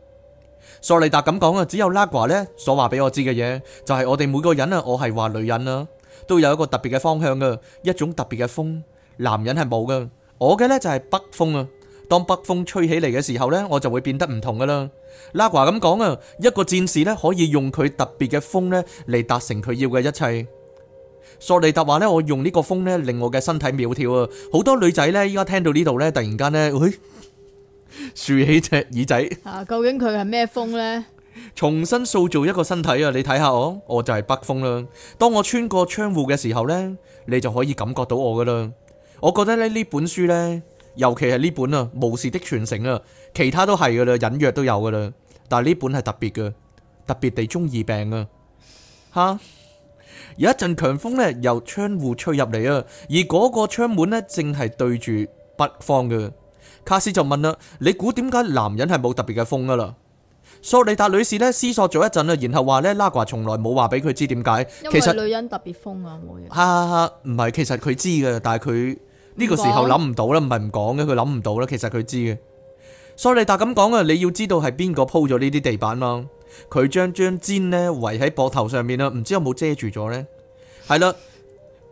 索利達咁講啊，只有拉瓜呢所話俾我知嘅嘢，就係我哋每個人啊，我係話女人啊，都有一個特別嘅方向噶，一種特別嘅風，男人係冇噶，我嘅呢就係北風啊，當北風吹起嚟嘅時候呢，我就會變得唔同噶啦。拉瓜咁講啊，一個戰士呢可以用佢特別嘅風呢嚟達成佢要嘅一切。索利特話咧，我用呢個風咧，令我嘅身體苗條啊！好多女仔呢，依家聽到呢度呢，突然間呢，喂，豎起隻耳仔啊！究竟佢係咩風呢？重新塑造一個身體啊！你睇下我，我就係北風啦。當我穿過窗戶嘅時候呢，你就可以感覺到我噶啦。我覺得咧，呢本書呢，尤其係呢本啊《巫士的傳承》啊，其他都係噶啦，隱約都有噶啦，但係呢本係特別嘅，特別地中二病啊！吓？有一陣強風呢，由窗戶吹入嚟啊，而嗰個窗門呢，正係對住北方嘅。卡斯就問啦：你估點解男人係冇特別嘅風噶啦？索莉達女士呢，思索咗一陣啊，然後話呢：拉瓜從來冇話俾佢知點解。因為女人特別風啊，冇嘅。哈哈哈，唔係，其實佢知嘅，但係佢呢個時候諗唔到啦，唔係唔講嘅，佢諗唔到啦。其實佢知嘅。索莉達咁講啊，你要知道係邊個鋪咗呢啲地板啦。佢將張氈呢圍喺膊頭上面啦，唔知有冇遮住咗呢？係啦，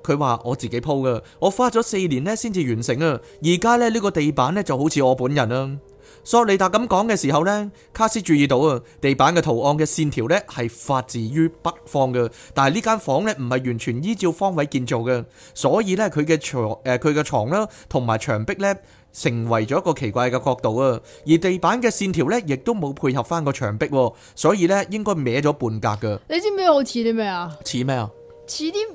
佢話我自己鋪㗎，我花咗四年呢先至完成啊！而家呢呢個地板呢，就好似我本人啦。索利達咁講嘅時候呢，卡斯注意到啊，地板嘅圖案嘅線條呢係發自於北方嘅，但係呢間房呢，唔係完全依照方位建造嘅，所以呢，佢、呃、嘅床誒佢嘅床啦同埋牆壁呢。成為咗一個奇怪嘅角度啊！而地板嘅線條咧，亦都冇配合翻個牆壁，所以咧，應該歪咗半格㗎。你知唔知我似啲咩啊？似咩啊？似啲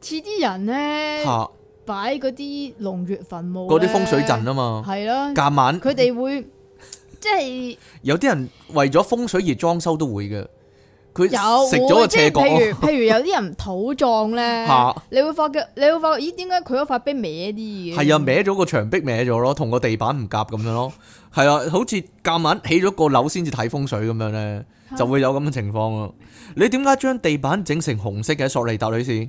似啲人咧，吓？擺嗰啲龍穴、墳墓嗰啲風水陣啊嘛。係咯、啊，夾晚佢哋會 即係是有啲人為咗風水而裝修都會嘅。佢食咗個斜角，譬如 譬如有啲人土葬咧， 你會發覺你會發覺咦，點解佢嗰塊碑歪啲嘅？係啊，歪咗個牆壁歪咗咯，同個地板唔夾咁樣咯，係啊， 好似夾硬起咗個樓先至睇風水咁樣咧，就會有咁嘅情況啊！ 你點解將地板整成紅色嘅，索利達女士？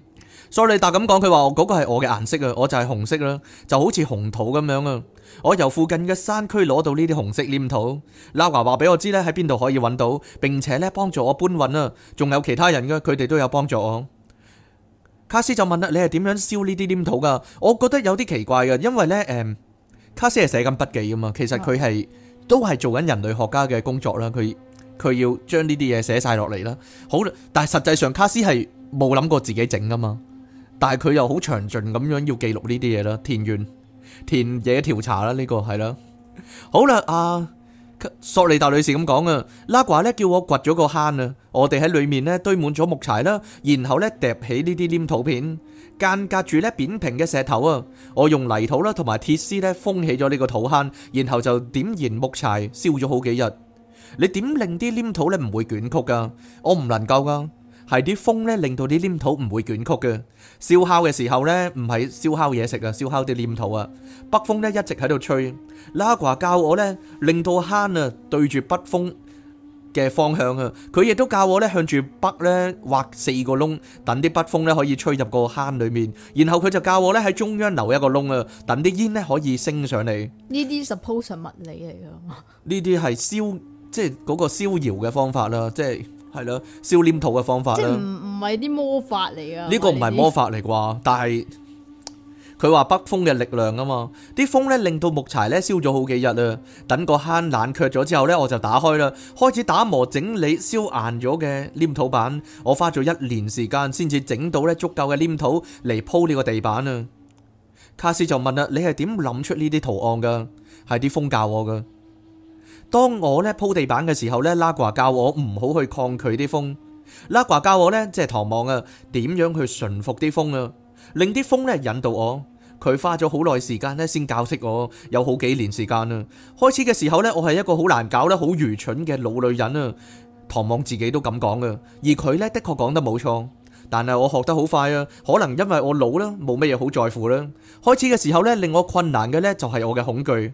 所以蘇利達咁講，佢話嗰個係我嘅顏色啊，我就係紅色啦，就好似紅土咁樣啊。我由附近嘅山區攞到呢啲紅色黏土，拉華話俾我知咧，喺邊度可以揾到，並且咧幫助我搬運啊。仲有其他人噶，佢哋都有幫助我。卡斯就問啦，你係點樣燒呢啲黏土噶？我覺得有啲奇怪噶，因為咧，誒、嗯，卡斯係寫緊筆記噶嘛，其實佢係都係做緊人類學家嘅工作啦，佢佢要將呢啲嘢寫晒落嚟啦。好，但係實際上卡斯係冇諗過自己整噶嘛。但係佢又好詳盡咁樣要記錄呢啲嘢啦，田園田野調查啦，呢、這個係啦。好啦，阿、啊、索利達女士咁講啊，拉瓜咧叫我掘咗個坑啊，我哋喺裏面咧堆滿咗木柴啦，然後咧揼起呢啲黏土片，間隔住咧扁平嘅石頭啊，我用泥土啦同埋鐵絲咧封起咗呢個土坑，然後就點燃木柴燒咗好幾日。你點令啲黏土咧唔會捲曲㗎？我唔能夠㗎。係啲風咧，令到啲黏土唔會捲曲嘅。燒烤嘅時候咧，唔係燒烤嘢食啊，燒烤啲黏土啊。北風咧一直喺度吹。拉瓜教我咧，令到坑啊對住北風嘅方向啊。佢亦都教我咧向住北咧挖四個窿，等啲北風咧可以吹入個坑裡面。然後佢就教我咧喺中央留一個窿啊，等啲煙咧可以升上嚟。呢啲 suppose 物理嚟嘅。呢啲係逍，即係嗰個逍遙嘅方法啦，即係。係咯，燒黏土嘅方法咯，唔唔係啲魔法嚟啊，呢個唔係魔法嚟啩，但係佢話北風嘅力量啊嘛，啲風呢令到木柴呢燒咗好幾日啊。等個坑冷卻咗之後呢，我就打開啦，開始打磨整理燒硬咗嘅黏土板。我花咗一年時間先至整到呢足夠嘅黏土嚟鋪呢個地板啊。卡斯就問啦：你係點諗出呢啲圖案噶？係啲風教我噶。當我咧鋪地板嘅時候咧，拉瓜教我唔好去抗拒啲風，拉瓜教我呢即係唐望啊，點樣去順服啲風啊，令啲風呢引導我。佢花咗好耐時間咧先教識我，有好幾年時間啦。開始嘅時候呢，我係一個好難搞得好愚蠢嘅老女人啊。唐望自己都咁講噶，而佢呢，的確講得冇錯。但係我學得好快啊，可能因為我老啦，冇乜嘢好在乎啦。開始嘅時候呢，令我困難嘅呢，就係我嘅恐懼。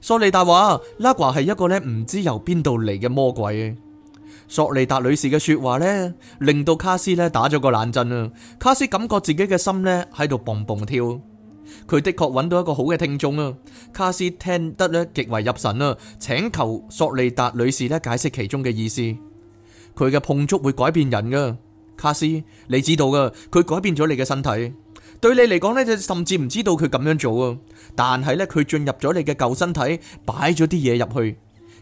索利達話：拉瓜係一個咧唔知由邊度嚟嘅魔鬼。索利達女士嘅說話咧，令到卡斯咧打咗個冷震啊！卡斯感覺自己嘅心咧喺度蹦蹦跳。佢的確揾到一個好嘅聽眾啊！卡斯聽得咧極為入神啊！請求索利達女士咧解釋其中嘅意思。佢嘅碰觸會改變人噶，卡斯，你知道噶，佢改變咗你嘅身體。對你嚟講呢，你就甚至唔知道佢咁樣做啊！但係呢，佢進入咗你嘅舊身體，擺咗啲嘢入去。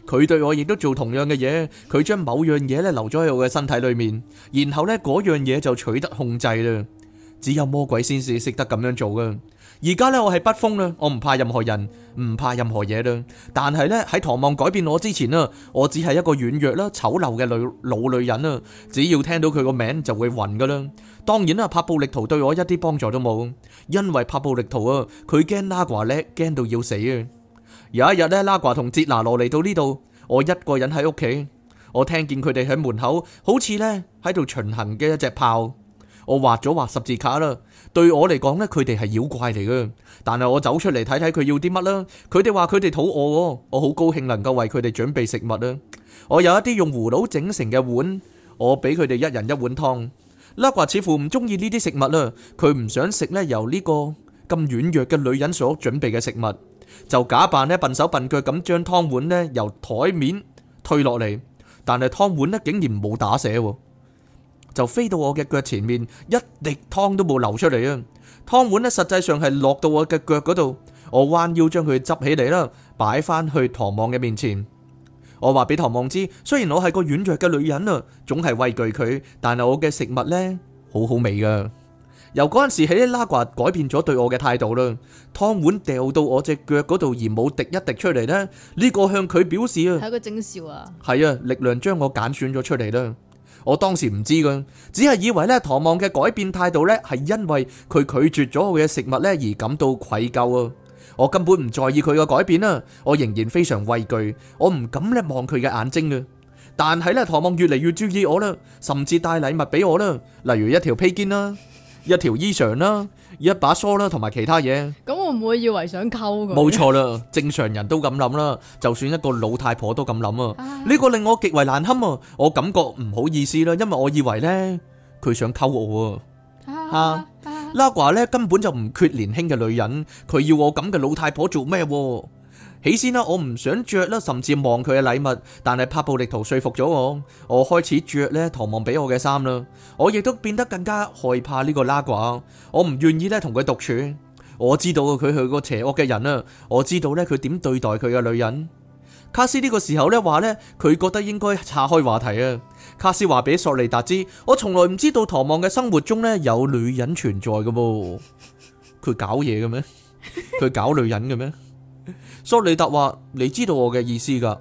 佢對我亦都做同樣嘅嘢，佢將某樣嘢，呢留咗喺我嘅身體裏面，然後呢，嗰樣嘢就取得控制啦。只有魔鬼先至識得咁樣做嘅。而家呢，我係北風啦，我唔怕任何人，唔怕任何嘢啦。但係呢，喺唐望改變我之前啊，我只係一個軟弱啦、醜陋嘅女老女人啊。只要聽到佢個名就會暈噶啦。當然啦，帕布力圖對我一啲幫助都冇，因為帕布力圖啊，佢驚拉瓜叻，驚到要死啊。有一日呢，拉瓜同捷拿羅嚟到呢度，我一個人喺屋企，我聽見佢哋喺門口，好似呢喺度巡行嘅一隻炮。我畫咗畫十字架啦。對我嚟講呢，佢哋係妖怪嚟嘅，但係我走出嚟睇睇佢要啲乜啦。佢哋話佢哋肚餓，我好高興能夠為佢哋準備食物啦。我有一啲用葫蘆整成嘅碗，我俾佢哋一人一碗湯。拉 a 似乎唔中意呢啲食物啦，佢唔想食呢，由呢個咁軟弱嘅女人所準備嘅食物，就假扮呢，笨手笨腳咁將湯碗呢由台面推落嚟，但係湯碗咧竟然冇打碎，就飛到我嘅腳前面，一滴湯都冇流出嚟啊！湯碗咧，實際上係落到我嘅腳嗰度，我彎腰將佢執起嚟啦，擺翻去唐望嘅面前。我話俾唐望知，雖然我係個軟弱嘅女人啊，總係畏懼佢，但係我嘅食物咧，好好味噶。由嗰陣時起，拉呱改變咗對我嘅態度啦。湯碗掉到我隻腳嗰度而冇滴一滴出嚟咧，呢個向佢表示啊，係一個徵兆啊。係啊，力量將我揀選咗出嚟啦。我當時唔知噶，只係以為咧，唐望嘅改變態度咧，係因為佢拒絕咗我嘅食物咧而感到愧疚啊！我根本唔在意佢嘅改變啊！我仍然非常畏懼，我唔敢咧望佢嘅眼睛啊！但係咧，唐望越嚟越注意我啦，甚至帶禮物俾我啦，例如一條披肩啦，一條衣裳啦。一把梳啦，同埋其他嘢。咁我唔會以為想溝佢。冇錯啦，正常人都咁諗啦，就算一個老太婆都咁諗啊。呢 個令我極為難堪啊，我感覺唔好意思啦，因為我以為呢，佢想溝我啊。啊， 拉瓜呢，根本就唔缺年輕嘅女人，佢要我咁嘅老太婆做咩？起先啦，我唔想着啦，甚至望佢嘅禮物。但係帕布力圖說服咗我，我開始着咧唐望俾我嘅衫啦。我亦都變得更加害怕呢個拉寡。我唔願意咧同佢獨處。我知道佢係個邪惡嘅人啦。我知道咧佢點對待佢嘅女人。卡斯呢個時候咧話咧，佢覺得應該岔開話題啊。卡斯話俾索利達知，我從來唔知道唐望嘅生活中咧有女人存在嘅噃。佢搞嘢嘅咩？佢搞女人嘅咩？索利達話：你知道我嘅意思噶？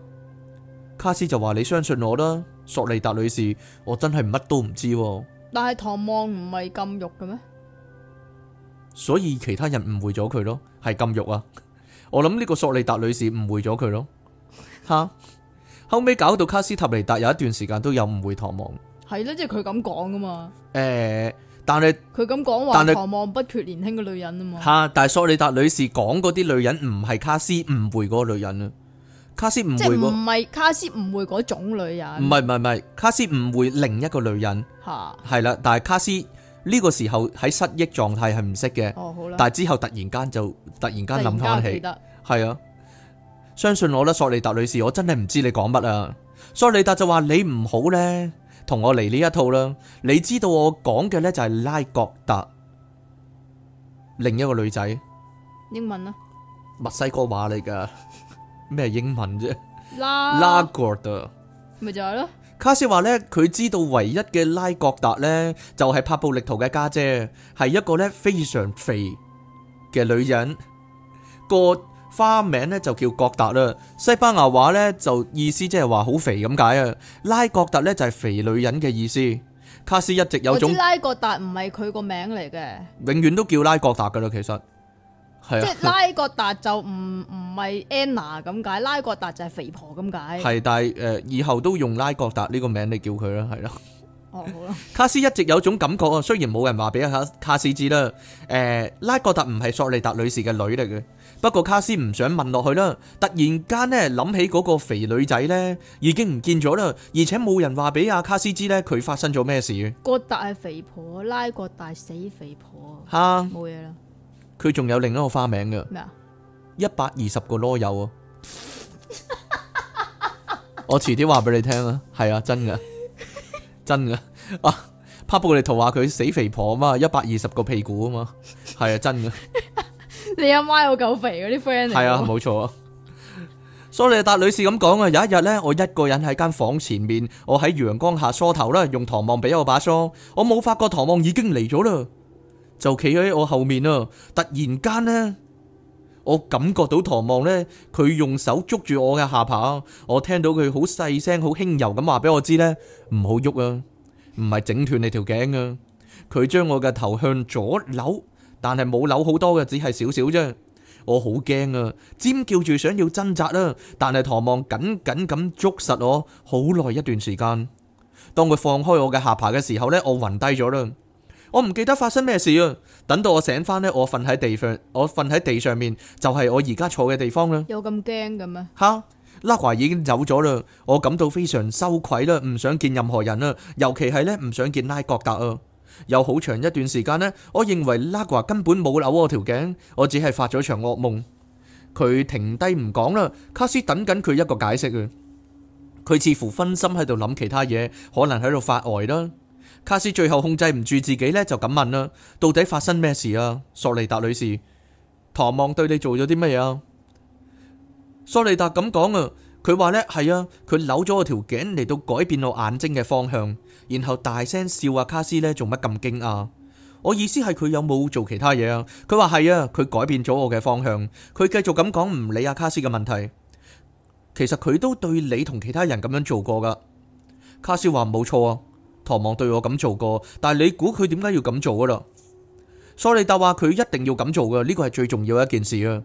卡斯就話：你相信我啦，索利達女士，我真係乜都唔知，啊。但係唐望唔係禁慾嘅咩？所以其他人誤會咗佢咯，係禁慾啊。我諗呢個索利達女士誤會咗佢咯。吓， 後尾搞到卡斯塔尼達有一段時間都有誤會唐望。係啦，即係佢咁講噶嘛。誒、欸。但係佢咁講話，唐望不缺年輕嘅女人啊嘛。吓，但係索利達女士講嗰啲女人唔係卡斯誤會嗰個女人啊，卡斯唔即係唔係卡斯誤會嗰種女人。唔係唔係唔係，卡斯誤會另一個女人。吓，係啦，但係卡斯呢個時候喺失憶狀態係唔識嘅。哦，好啦。但係之後突然間就突然間諗翻起，係啊，相信我啦，索利達女士，我真係唔知你講乜啦。索利達就話你唔好咧，同我嚟呢一套啦，你知道我講嘅咧就係拉國達，另一個女仔，英文啊，墨西哥話嚟噶，咩英文啫、啊？拉拉國達咪就係咯。卡斯話咧，佢知道唯一嘅拉國達咧，就係拍布力圖嘅家姐，姐，係一個咧非常肥嘅女人個。花名咧就叫國達啦，西班牙話咧就意思即係話好肥咁解啊，拉國達咧就係肥女人嘅意思。卡斯一直有種拉國達唔係佢個名嚟嘅，永遠都叫拉國達噶啦。其實係啊，即係拉國達就唔唔係 Anna 咁解，拉國達就係肥婆咁解。係，但係誒，以後都用拉國達呢個名嚟叫佢啦，係咯。哦，好啦。卡斯一直有種感覺啊，雖然冇人話俾阿卡卡斯知啦，誒，拉國達唔係索利達女士嘅女嚟嘅。不過卡斯唔想問落去啦，突然間咧諗起嗰個肥女仔咧已經唔見咗啦，而且冇人話俾阿卡斯知咧佢發生咗咩事。個大肥婆，拉個大死肥婆。吓、啊，冇嘢啦。佢仲有另一個花名噶。咩啊麼？一百二十個囉柚啊。 我遲啲話俾你聽啊，係啊，真噶，真噶。啊，拍部嚟圖下佢死肥婆啊嘛，一百二十個屁股啊嘛，係啊，真噶。你阿媽有夠肥嗰啲 friend 嚟？係啊，冇錯啊。蘇利達女士咁講啊，有一日呢，我一個人喺間房前面，我喺陽光下梳頭啦，用唐望俾我把梳，我冇發覺唐望已經嚟咗啦，就企喺我後面啦。突然間呢，我感覺到唐望呢，佢用手捉住我嘅下巴，我聽到佢好細聲、好輕柔咁話俾我知呢，唔好喐啊，唔係整斷你條頸啊。佢將我嘅頭向左扭。但係冇扭好多嘅，只係少少啫。我好驚啊，尖叫住想要掙扎啦、啊，但係唐望緊緊咁捉實我，好耐一段時間。當佢放開我嘅下巴嘅時候呢，我暈低咗啦。我唔記得發生咩事啊。等到我醒翻，呢，我瞓喺地，地上，我瞓喺地上面就係、是、我而家坐嘅地方啦。有咁驚㗎咩？吓，拉華已經走咗啦。我感到非常羞愧啦，唔想見任何人啦，尤其係呢，唔想見拉格達啊。有好長一段時間呢，我認為拉瓜根本冇扭我條頸，我只係發咗場噩夢。佢停低唔講啦，卡斯等緊佢一個解釋啊。佢似乎分心喺度諗其他嘢，可能喺度發呆啦。卡斯最後控制唔住自己呢，就咁問啦：到底發生咩事啊？索利達女士，唐望對你做咗啲乜嘢啊？索利達咁講啊，佢話呢係啊，佢扭咗我條頸嚟到改變我眼睛嘅方向。然後大聲笑話卡斯呢，做乜咁驚訝？我意思係佢有冇做其他嘢啊？佢話係啊，佢改變咗我嘅方向。佢繼續咁講，唔理阿卡斯嘅問題。其實佢都對你同其他人咁樣做過噶卡斯話冇錯啊，唐望對我咁做過。但係你估佢點解要咁做噶啦索利達話佢一定要咁做噶呢個係最重要一件事啊。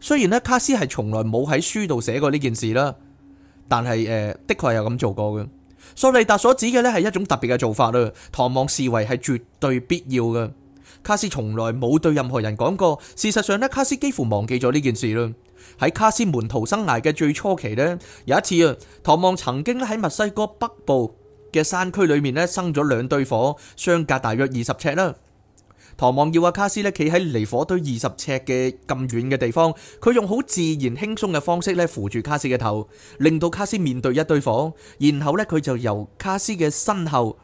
雖然呢，卡斯係從來冇喺書度寫過呢件事啦，但係誒、呃、的確係有咁做過嘅。索利達所指嘅呢係一種特別嘅做法嘞，唐望視為係絕對必要嘅。卡斯從來冇對任何人講過。事實上呢，卡斯幾乎忘記咗呢件事嘞。喺卡斯門徒生涯嘅最初期呢有一次啊，唐望曾經呢喺墨西哥北部嘅山區裏面呢生咗兩堆火，相隔大約二十尺啦。唐望要阿卡斯呢企喺離火堆二十尺嘅咁遠嘅地方，佢用好自然輕鬆嘅方式呢扶住卡斯嘅頭，令到卡斯面對一堆火，然後呢，佢就由卡斯嘅身後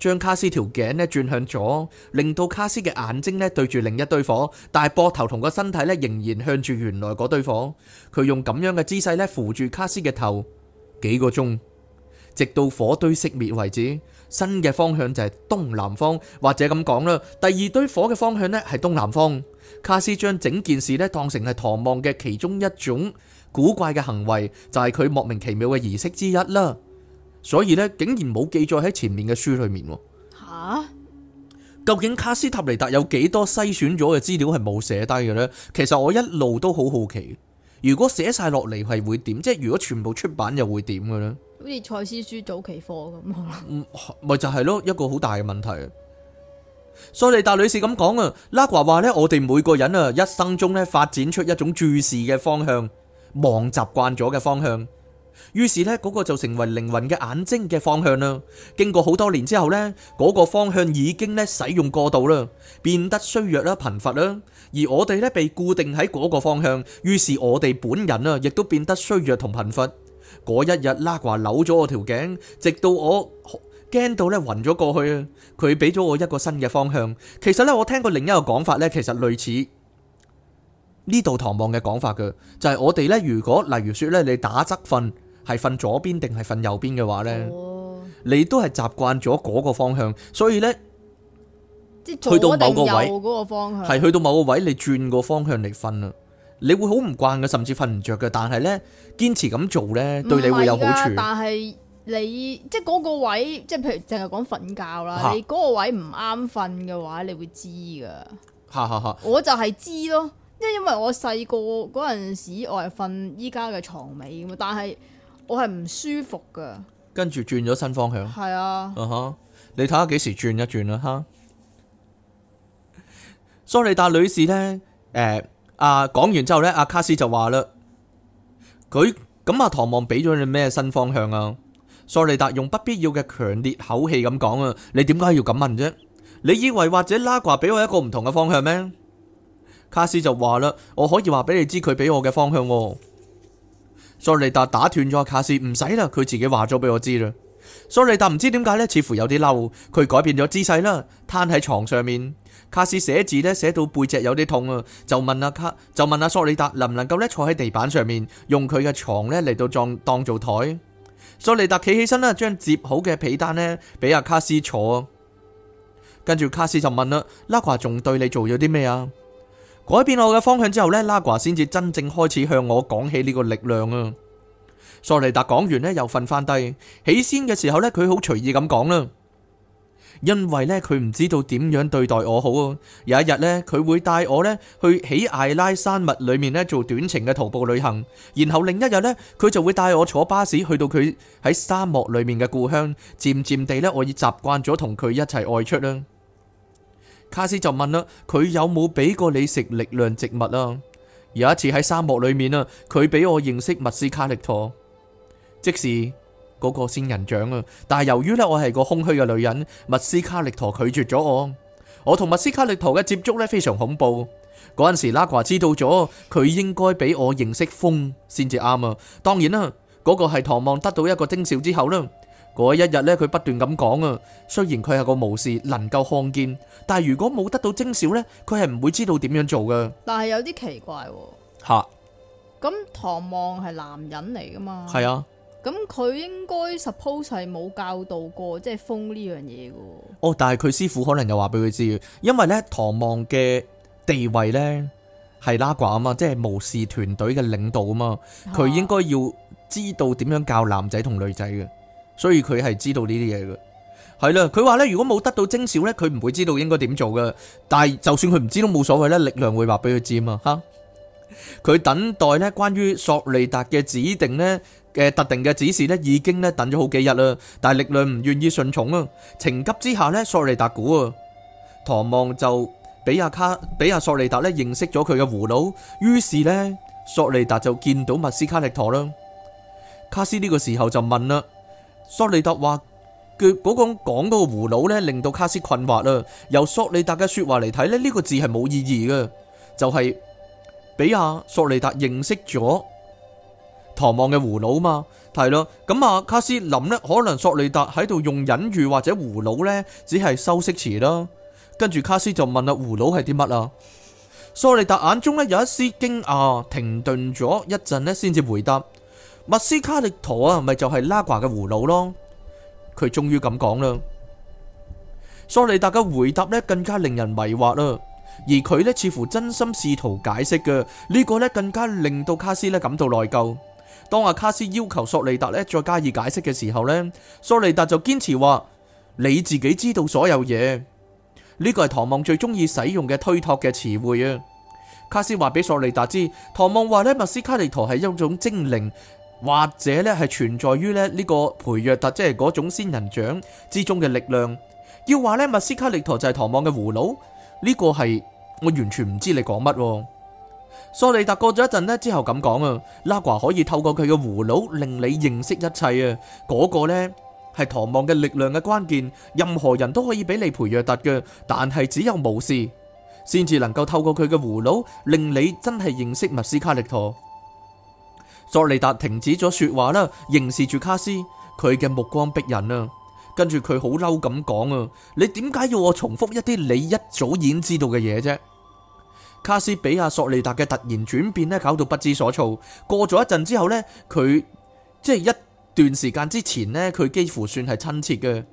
將卡斯條頸呢轉向左，令到卡斯嘅眼睛呢對住另一堆火，但係膊頭同個身體呢仍然向住原來嗰堆火。佢用咁樣嘅姿勢呢扶住卡斯嘅頭幾個鐘，直到火堆熄滅為止。新嘅方向就係東南方，或者咁講啦。第二堆火嘅方向呢係東南方。卡斯將整件事呢當成係唐望嘅其中一種古怪嘅行為，就係佢莫名其妙嘅儀式之一啦。所以呢，竟然冇記載喺前面嘅書裡面喎。哈究竟卡斯塔尼達有幾多篩選咗嘅資料係冇寫低嘅呢？其實我一路都好好奇，如果寫晒落嚟係會點？即係如果全部出版又會點嘅呢？好似蔡思書早期課咁咯，唔咪就係咯，一個好大嘅問題。索利達女士咁講啊，拉華話咧，我哋每個人啊，一生中咧發展出一種注視嘅方向，望習慣咗嘅方向，於是咧嗰個就成為靈魂嘅眼睛嘅方向啦。經過好多年之後咧，嗰個方向已經咧使用過度啦，變得衰弱啦、貧乏啦，而我哋咧被固定喺嗰個方向，於是我哋本人啊，亦都變得衰弱同貧乏。嗰一日，拉話扭咗我條頸，直到我驚到咧暈咗過去啊！佢俾咗我一個新嘅方向。其實咧，我聽過另一個講法咧，其實類似呢度唐望嘅講法嘅，就係、是、我哋咧，如果例如說咧，你打側瞓係瞓左邊定係瞓右邊嘅話咧，哦、你都係習慣咗嗰個方向，所以咧即去到某個位嗰個方向，係去到某個位，你轉個方向嚟瞓啦。你會好唔慣嘅，甚至瞓唔着嘅。但係呢，堅持咁做呢，對你會有好處。但係你即係嗰個位，即係譬如淨係講瞓覺啦。哈，你嗰個位唔啱瞓嘅話，你會知噶。哈哈哈，我就係知咯，即係因為我細個嗰陣時，時我係瞓依家嘅床尾，但係我係唔舒服噶。跟住轉咗新方向。係啊。Uh-huh, 你睇下幾時轉一轉啦，啊？哈。桑尼達女士呢。誒、呃。阿講、啊、完之後咧，阿卡斯就話啦，佢咁阿唐望畀咗你咩新方向啊？索利達用不必要嘅強烈口氣咁講啊，你點解要咁問啫？你以為或者拉瓜畀我一個唔同嘅方向咩？卡斯就話啦，我可以話俾你知佢畀我嘅方向、啊。索利達打斷咗阿卡斯，唔使啦，佢自己話咗畀我知啦。索利達唔知點解咧，似乎有啲嬲，佢改變咗姿勢啦，攤喺床上面。卡斯寫字咧，寫到背脊有啲痛啊，就問阿、啊、卡，就問阿索利達能唔能夠咧坐喺地板上面，用佢嘅床咧嚟到當當做台。索利達企起身啦，將摺好嘅被單呢俾阿卡斯坐。跟住卡斯就問啦：拉瓜仲對你做咗啲咩啊？改變我嘅方向之後咧，拉瓜先至真正開始向我講起呢個力量啊！索尼達講完呢，又瞓翻低。起先嘅時候呢，佢好隨意咁講啦。因為呢，佢唔知道點樣對待我好啊。有一日呢，佢會帶我呢去喜艾拉山脈裏面呢做短程嘅徒步旅行。然後另一日呢，佢就會帶我坐巴士去到佢喺沙漠裏面嘅故鄉。漸漸地呢，我已習慣咗同佢一齊外出啦。卡斯就問啦，佢有冇俾過你食力量植物啊？有一次喺沙漠裏面啊，佢俾我認識密斯卡力陀。即是嗰個仙人掌啊，但係由於咧我係個空虛嘅女人，密斯卡力陀拒絕咗我。我同密斯卡力陀嘅接觸咧非常恐怖。嗰陣時拉瓜知道咗，佢應該俾我認識風先至啱啊。當然啦，嗰個係唐望得到一個徵兆之後啦。嗰一日咧，佢不斷咁講啊。雖然佢係個巫士，能夠看見，但係如果冇得到徵兆咧，佢係唔會知道點樣做噶。但係有啲奇怪，吓，咁唐望係男人嚟噶嘛？係啊。咁佢應該 suppose 係冇教導過即係、就是、風呢樣嘢嘅。哦，但係佢師傅可能又話俾佢知，因為咧唐望嘅地位咧係拉呱啊嘛，即係巫士團隊嘅領導啊嘛，佢、啊、應該要知道點樣教男仔同女仔嘅，所以佢係知道呢啲嘢嘅。係啦，佢話咧，如果冇得到徵兆咧，佢唔會知道應該點做嘅。但係就算佢唔知都冇所謂咧，力量會話俾佢知啊嘛。嚇，佢等待咧關於索利達嘅指定咧。嘅特定嘅指示咧，已經咧等咗好幾日啦，但係力量唔願意順從啊！情急之下咧，索利達古啊，唐望就俾阿卡俾阿索利達咧認識咗佢嘅葫蘆，於是呢，索利達就見到密斯卡力陀啦。卡斯呢個時候就問啦，索利達話佢嗰個講到嘅葫蘆咧，令到卡斯困惑啦。由索利達嘅說話嚟睇咧，呢、這個字係冇意義嘅，就係俾阿索利達認識咗。唐望嘅葫蘆嘛，係咯，咁啊，卡斯諗呢可能索利達喺度用隱喻或者葫蘆呢只係修飾詞啦。跟住卡斯就問啦，葫蘆係啲乜啊？索利達眼中咧有一絲驚訝，停頓咗一陣咧，先至回答：密斯卡力陀啊，咪就係、是、拉瓜嘅葫蘆咯。佢終於咁講啦。索利達嘅回答呢更加令人迷惑啦，而佢呢似乎真心試圖解釋嘅呢個呢更加令到卡斯呢感到內疚。當阿卡斯要求索利達咧再加以解釋嘅時候呢，索利達就堅持話，你自己知道所有嘢。呢個係唐望最中意使用嘅推託嘅詞彙啊！卡斯話俾索利達知，唐望話呢，密斯卡利陀係一種精靈，或者咧係存在於咧呢個培若特，即係嗰種仙人掌之中嘅力量。要話呢，密斯卡利陀就係唐望嘅葫蘆，呢、這個係我完全唔知你講乜。索利達過咗一陣咧之後咁講啊，拉華可以透過佢嘅葫蘆令你認識一切啊，嗰個呢係唐望嘅力量嘅關鍵，任何人都可以俾你培若達嘅，但係只有巫士先至能夠透過佢嘅葫蘆令你真係認識密斯卡力陀。索利達停止咗說話啦，凝視住卡斯，佢嘅目光逼人啊，跟住佢好嬲咁講啊，你點解要我重複一啲你一早已經知道嘅嘢啫？卡斯比亞索利達嘅突然轉變咧，搞到不知所措。過咗一陣之後呢，佢即係一段時間之前呢，佢幾乎算係親切嘅。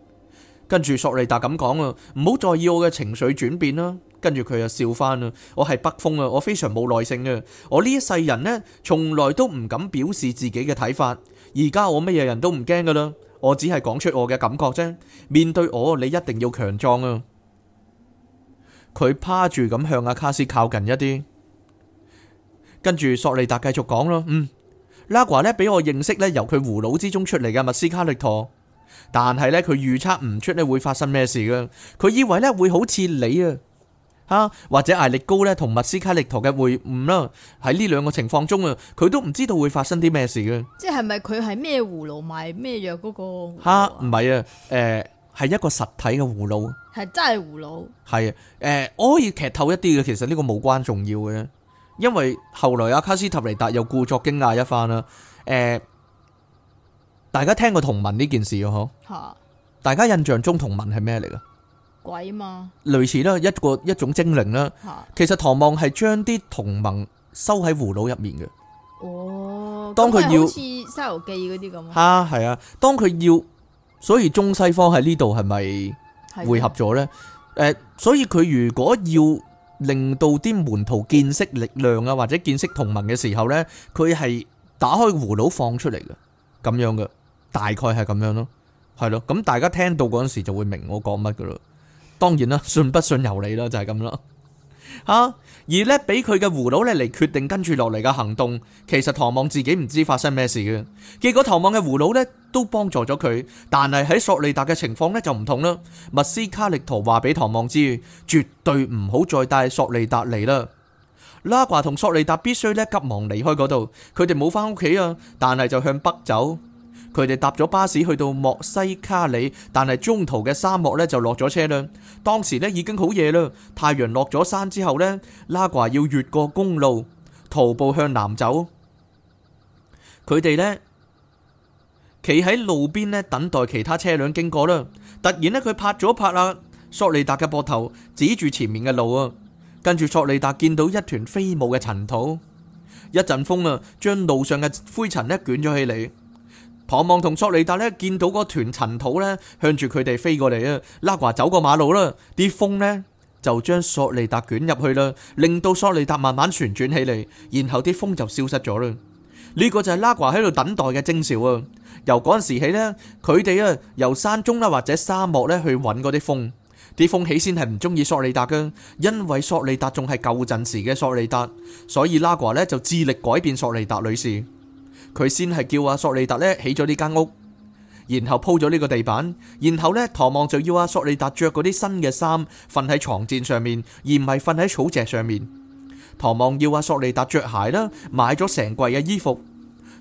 跟住索利達咁講啊，唔好在意我嘅情緒轉變啦。跟住佢又笑翻啊：「我係北風啊，我非常冇耐性啊。我呢一世人呢，從來都唔敢表示自己嘅睇法。而家我乜嘢人都唔驚噶啦，我只係講出我嘅感覺啫。面對我，你一定要強壯啊！佢趴住咁向阿卡斯靠近一啲，跟住索利達繼續講咯，嗯，拉瓜呢俾我認識呢，由佢葫蘆之中出嚟嘅密斯卡力陀。但係呢，佢預測唔出呢會發生咩事噶，佢以為呢會好似你啊，吓，或者艾力高呢同密斯卡力陀嘅會晤啦，喺呢兩個情況中啊，佢都唔知道會發生啲咩事噶。即係咪佢係咩葫蘆賣咩藥嗰個？吓，唔係啊，誒。呃係一個實體嘅葫蘆，係真係葫蘆。係誒，我、呃、可以劇透一啲嘅。其實呢個冇關重要嘅，因為後來阿卡斯塔尼達又故作驚訝一番啦。誒、呃，大家聽過同盟呢件事嗬？吓，哈大家印象中同盟係咩嚟噶？鬼嘛嗎，類似啦，一個一種精靈啦。吓哈，其實唐望係將啲同盟收喺葫蘆入面嘅。哦，當佢要，好似《西遊記》啲咁吓，係啊，當佢要。啊啊啊啊啊啊啊啊所以中西方喺呢度係咪匯合咗呢？所以佢如果要令到啲門徒見識力量啊，或者見識同盟嘅時候呢，佢係打開葫蘆放出嚟嘅，咁樣嘅，大概係咁樣咯，係咯。咁大家聽到嗰陣時就會明我講乜噶啦。當然啦，信不信由你啦，就係咁啦。吓、啊，而咧俾佢嘅葫蘆咧嚟決定跟住落嚟嘅行動，其實唐望自己唔知發生咩事嘅。結果唐望嘅葫蘆咧都幫助咗佢，但係喺索利達嘅情況呢，就唔同啦。密斯卡力圖話俾唐望知，絕對唔好再帶索利達嚟啦。拉瓜同索利達必須咧急忙離開嗰度，佢哋冇翻屋企啊，但係就向北走。佢哋搭咗巴士去到墨西卡里，但係中途嘅沙漠呢就落咗車輛。當時呢已經好夜啦，太陽落咗山之後呢，拉掛要越過公路，徒步向南走。佢哋呢企喺路邊咧等待其他車輛經過啦。突然呢，佢拍咗拍啊，索利達嘅膊頭，指住前面嘅路啊。跟住索利達見到一團飛舞嘅塵土，一陣風啊，將路上嘅灰塵呢捲咗起嚟。唐望同索利達咧見到個團塵土呢向住佢哋飛過嚟啊！拉瓜走過馬路啦，啲風呢就將索利達捲入去啦，令到索利達慢慢旋轉起嚟，然後啲風就消失咗啦。呢個就係拉瓜喺度等待嘅徵兆啊！由嗰陣時起呢，佢哋啊由山中啦、或者沙漠咧去揾嗰啲風，啲風起先係唔中意索利達嘅，因為索利達仲係舊陣時嘅索利達，所以拉瓜呢就致力改變索利達女士。佢先係叫阿索利達呢起咗呢間屋，然後鋪咗呢個地板，然後呢，唐望就要阿索利達着嗰啲新嘅衫瞓喺床墊上面，而唔係瞓喺草席上面。唐望要阿索利達着鞋啦，買咗成櫃嘅衣服。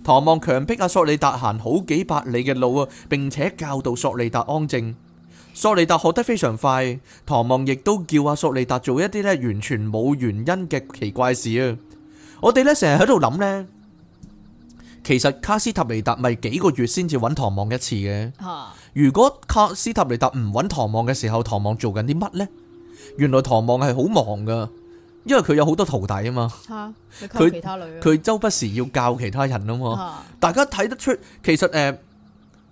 唐望強迫阿索利達行好幾百里嘅路啊，並且教導索利達安靜。索利達學得非常快。唐望亦都叫阿索利達做一啲呢完全冇原因嘅奇怪事啊！我哋呢成日喺度諗呢。其實卡斯塔尼達咪幾個月先至揾唐望一次嘅。如果卡斯塔尼達唔揾唐望嘅時候，唐望做緊啲乜呢？原來唐望係好忙噶，因為佢有好多徒弟啊嘛。佢周不時要教其他人啊嘛。哈大家睇得出，其實、呃、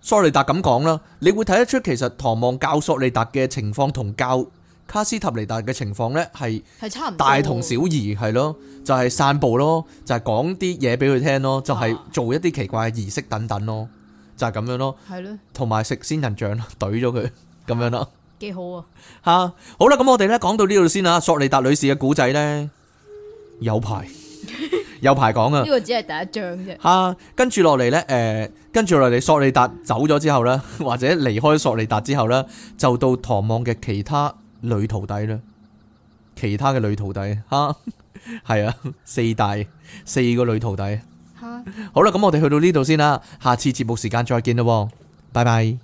索利達咁講啦，你會睇得出其實唐望教索利達嘅情況同教。卡斯塔尼達嘅情況咧，係係差唔大同小異，係咯，就係、是、散步咯，就係講啲嘢俾佢聽咯，就係、是、做一啲奇怪嘅儀式等等咯，就係、是、咁樣咯，係咯、啊，同埋食仙人掌，懟咗佢咁樣啦、啊，幾好啊吓、啊，好啦，咁我哋咧講到呢度先啦。索利達女士嘅古仔咧有排 有排講 啊，呢個只係第一章啫吓，跟住落嚟咧，誒，跟住落嚟，索利達走咗之後咧，或者離開索利達之後咧，就到唐望嘅其他。女徒弟啦，其他嘅女徒弟吓，係啊， 四大四個女徒弟吓，哈好啦，咁我哋去到呢度先啦，下次節目時間再見咯，拜拜。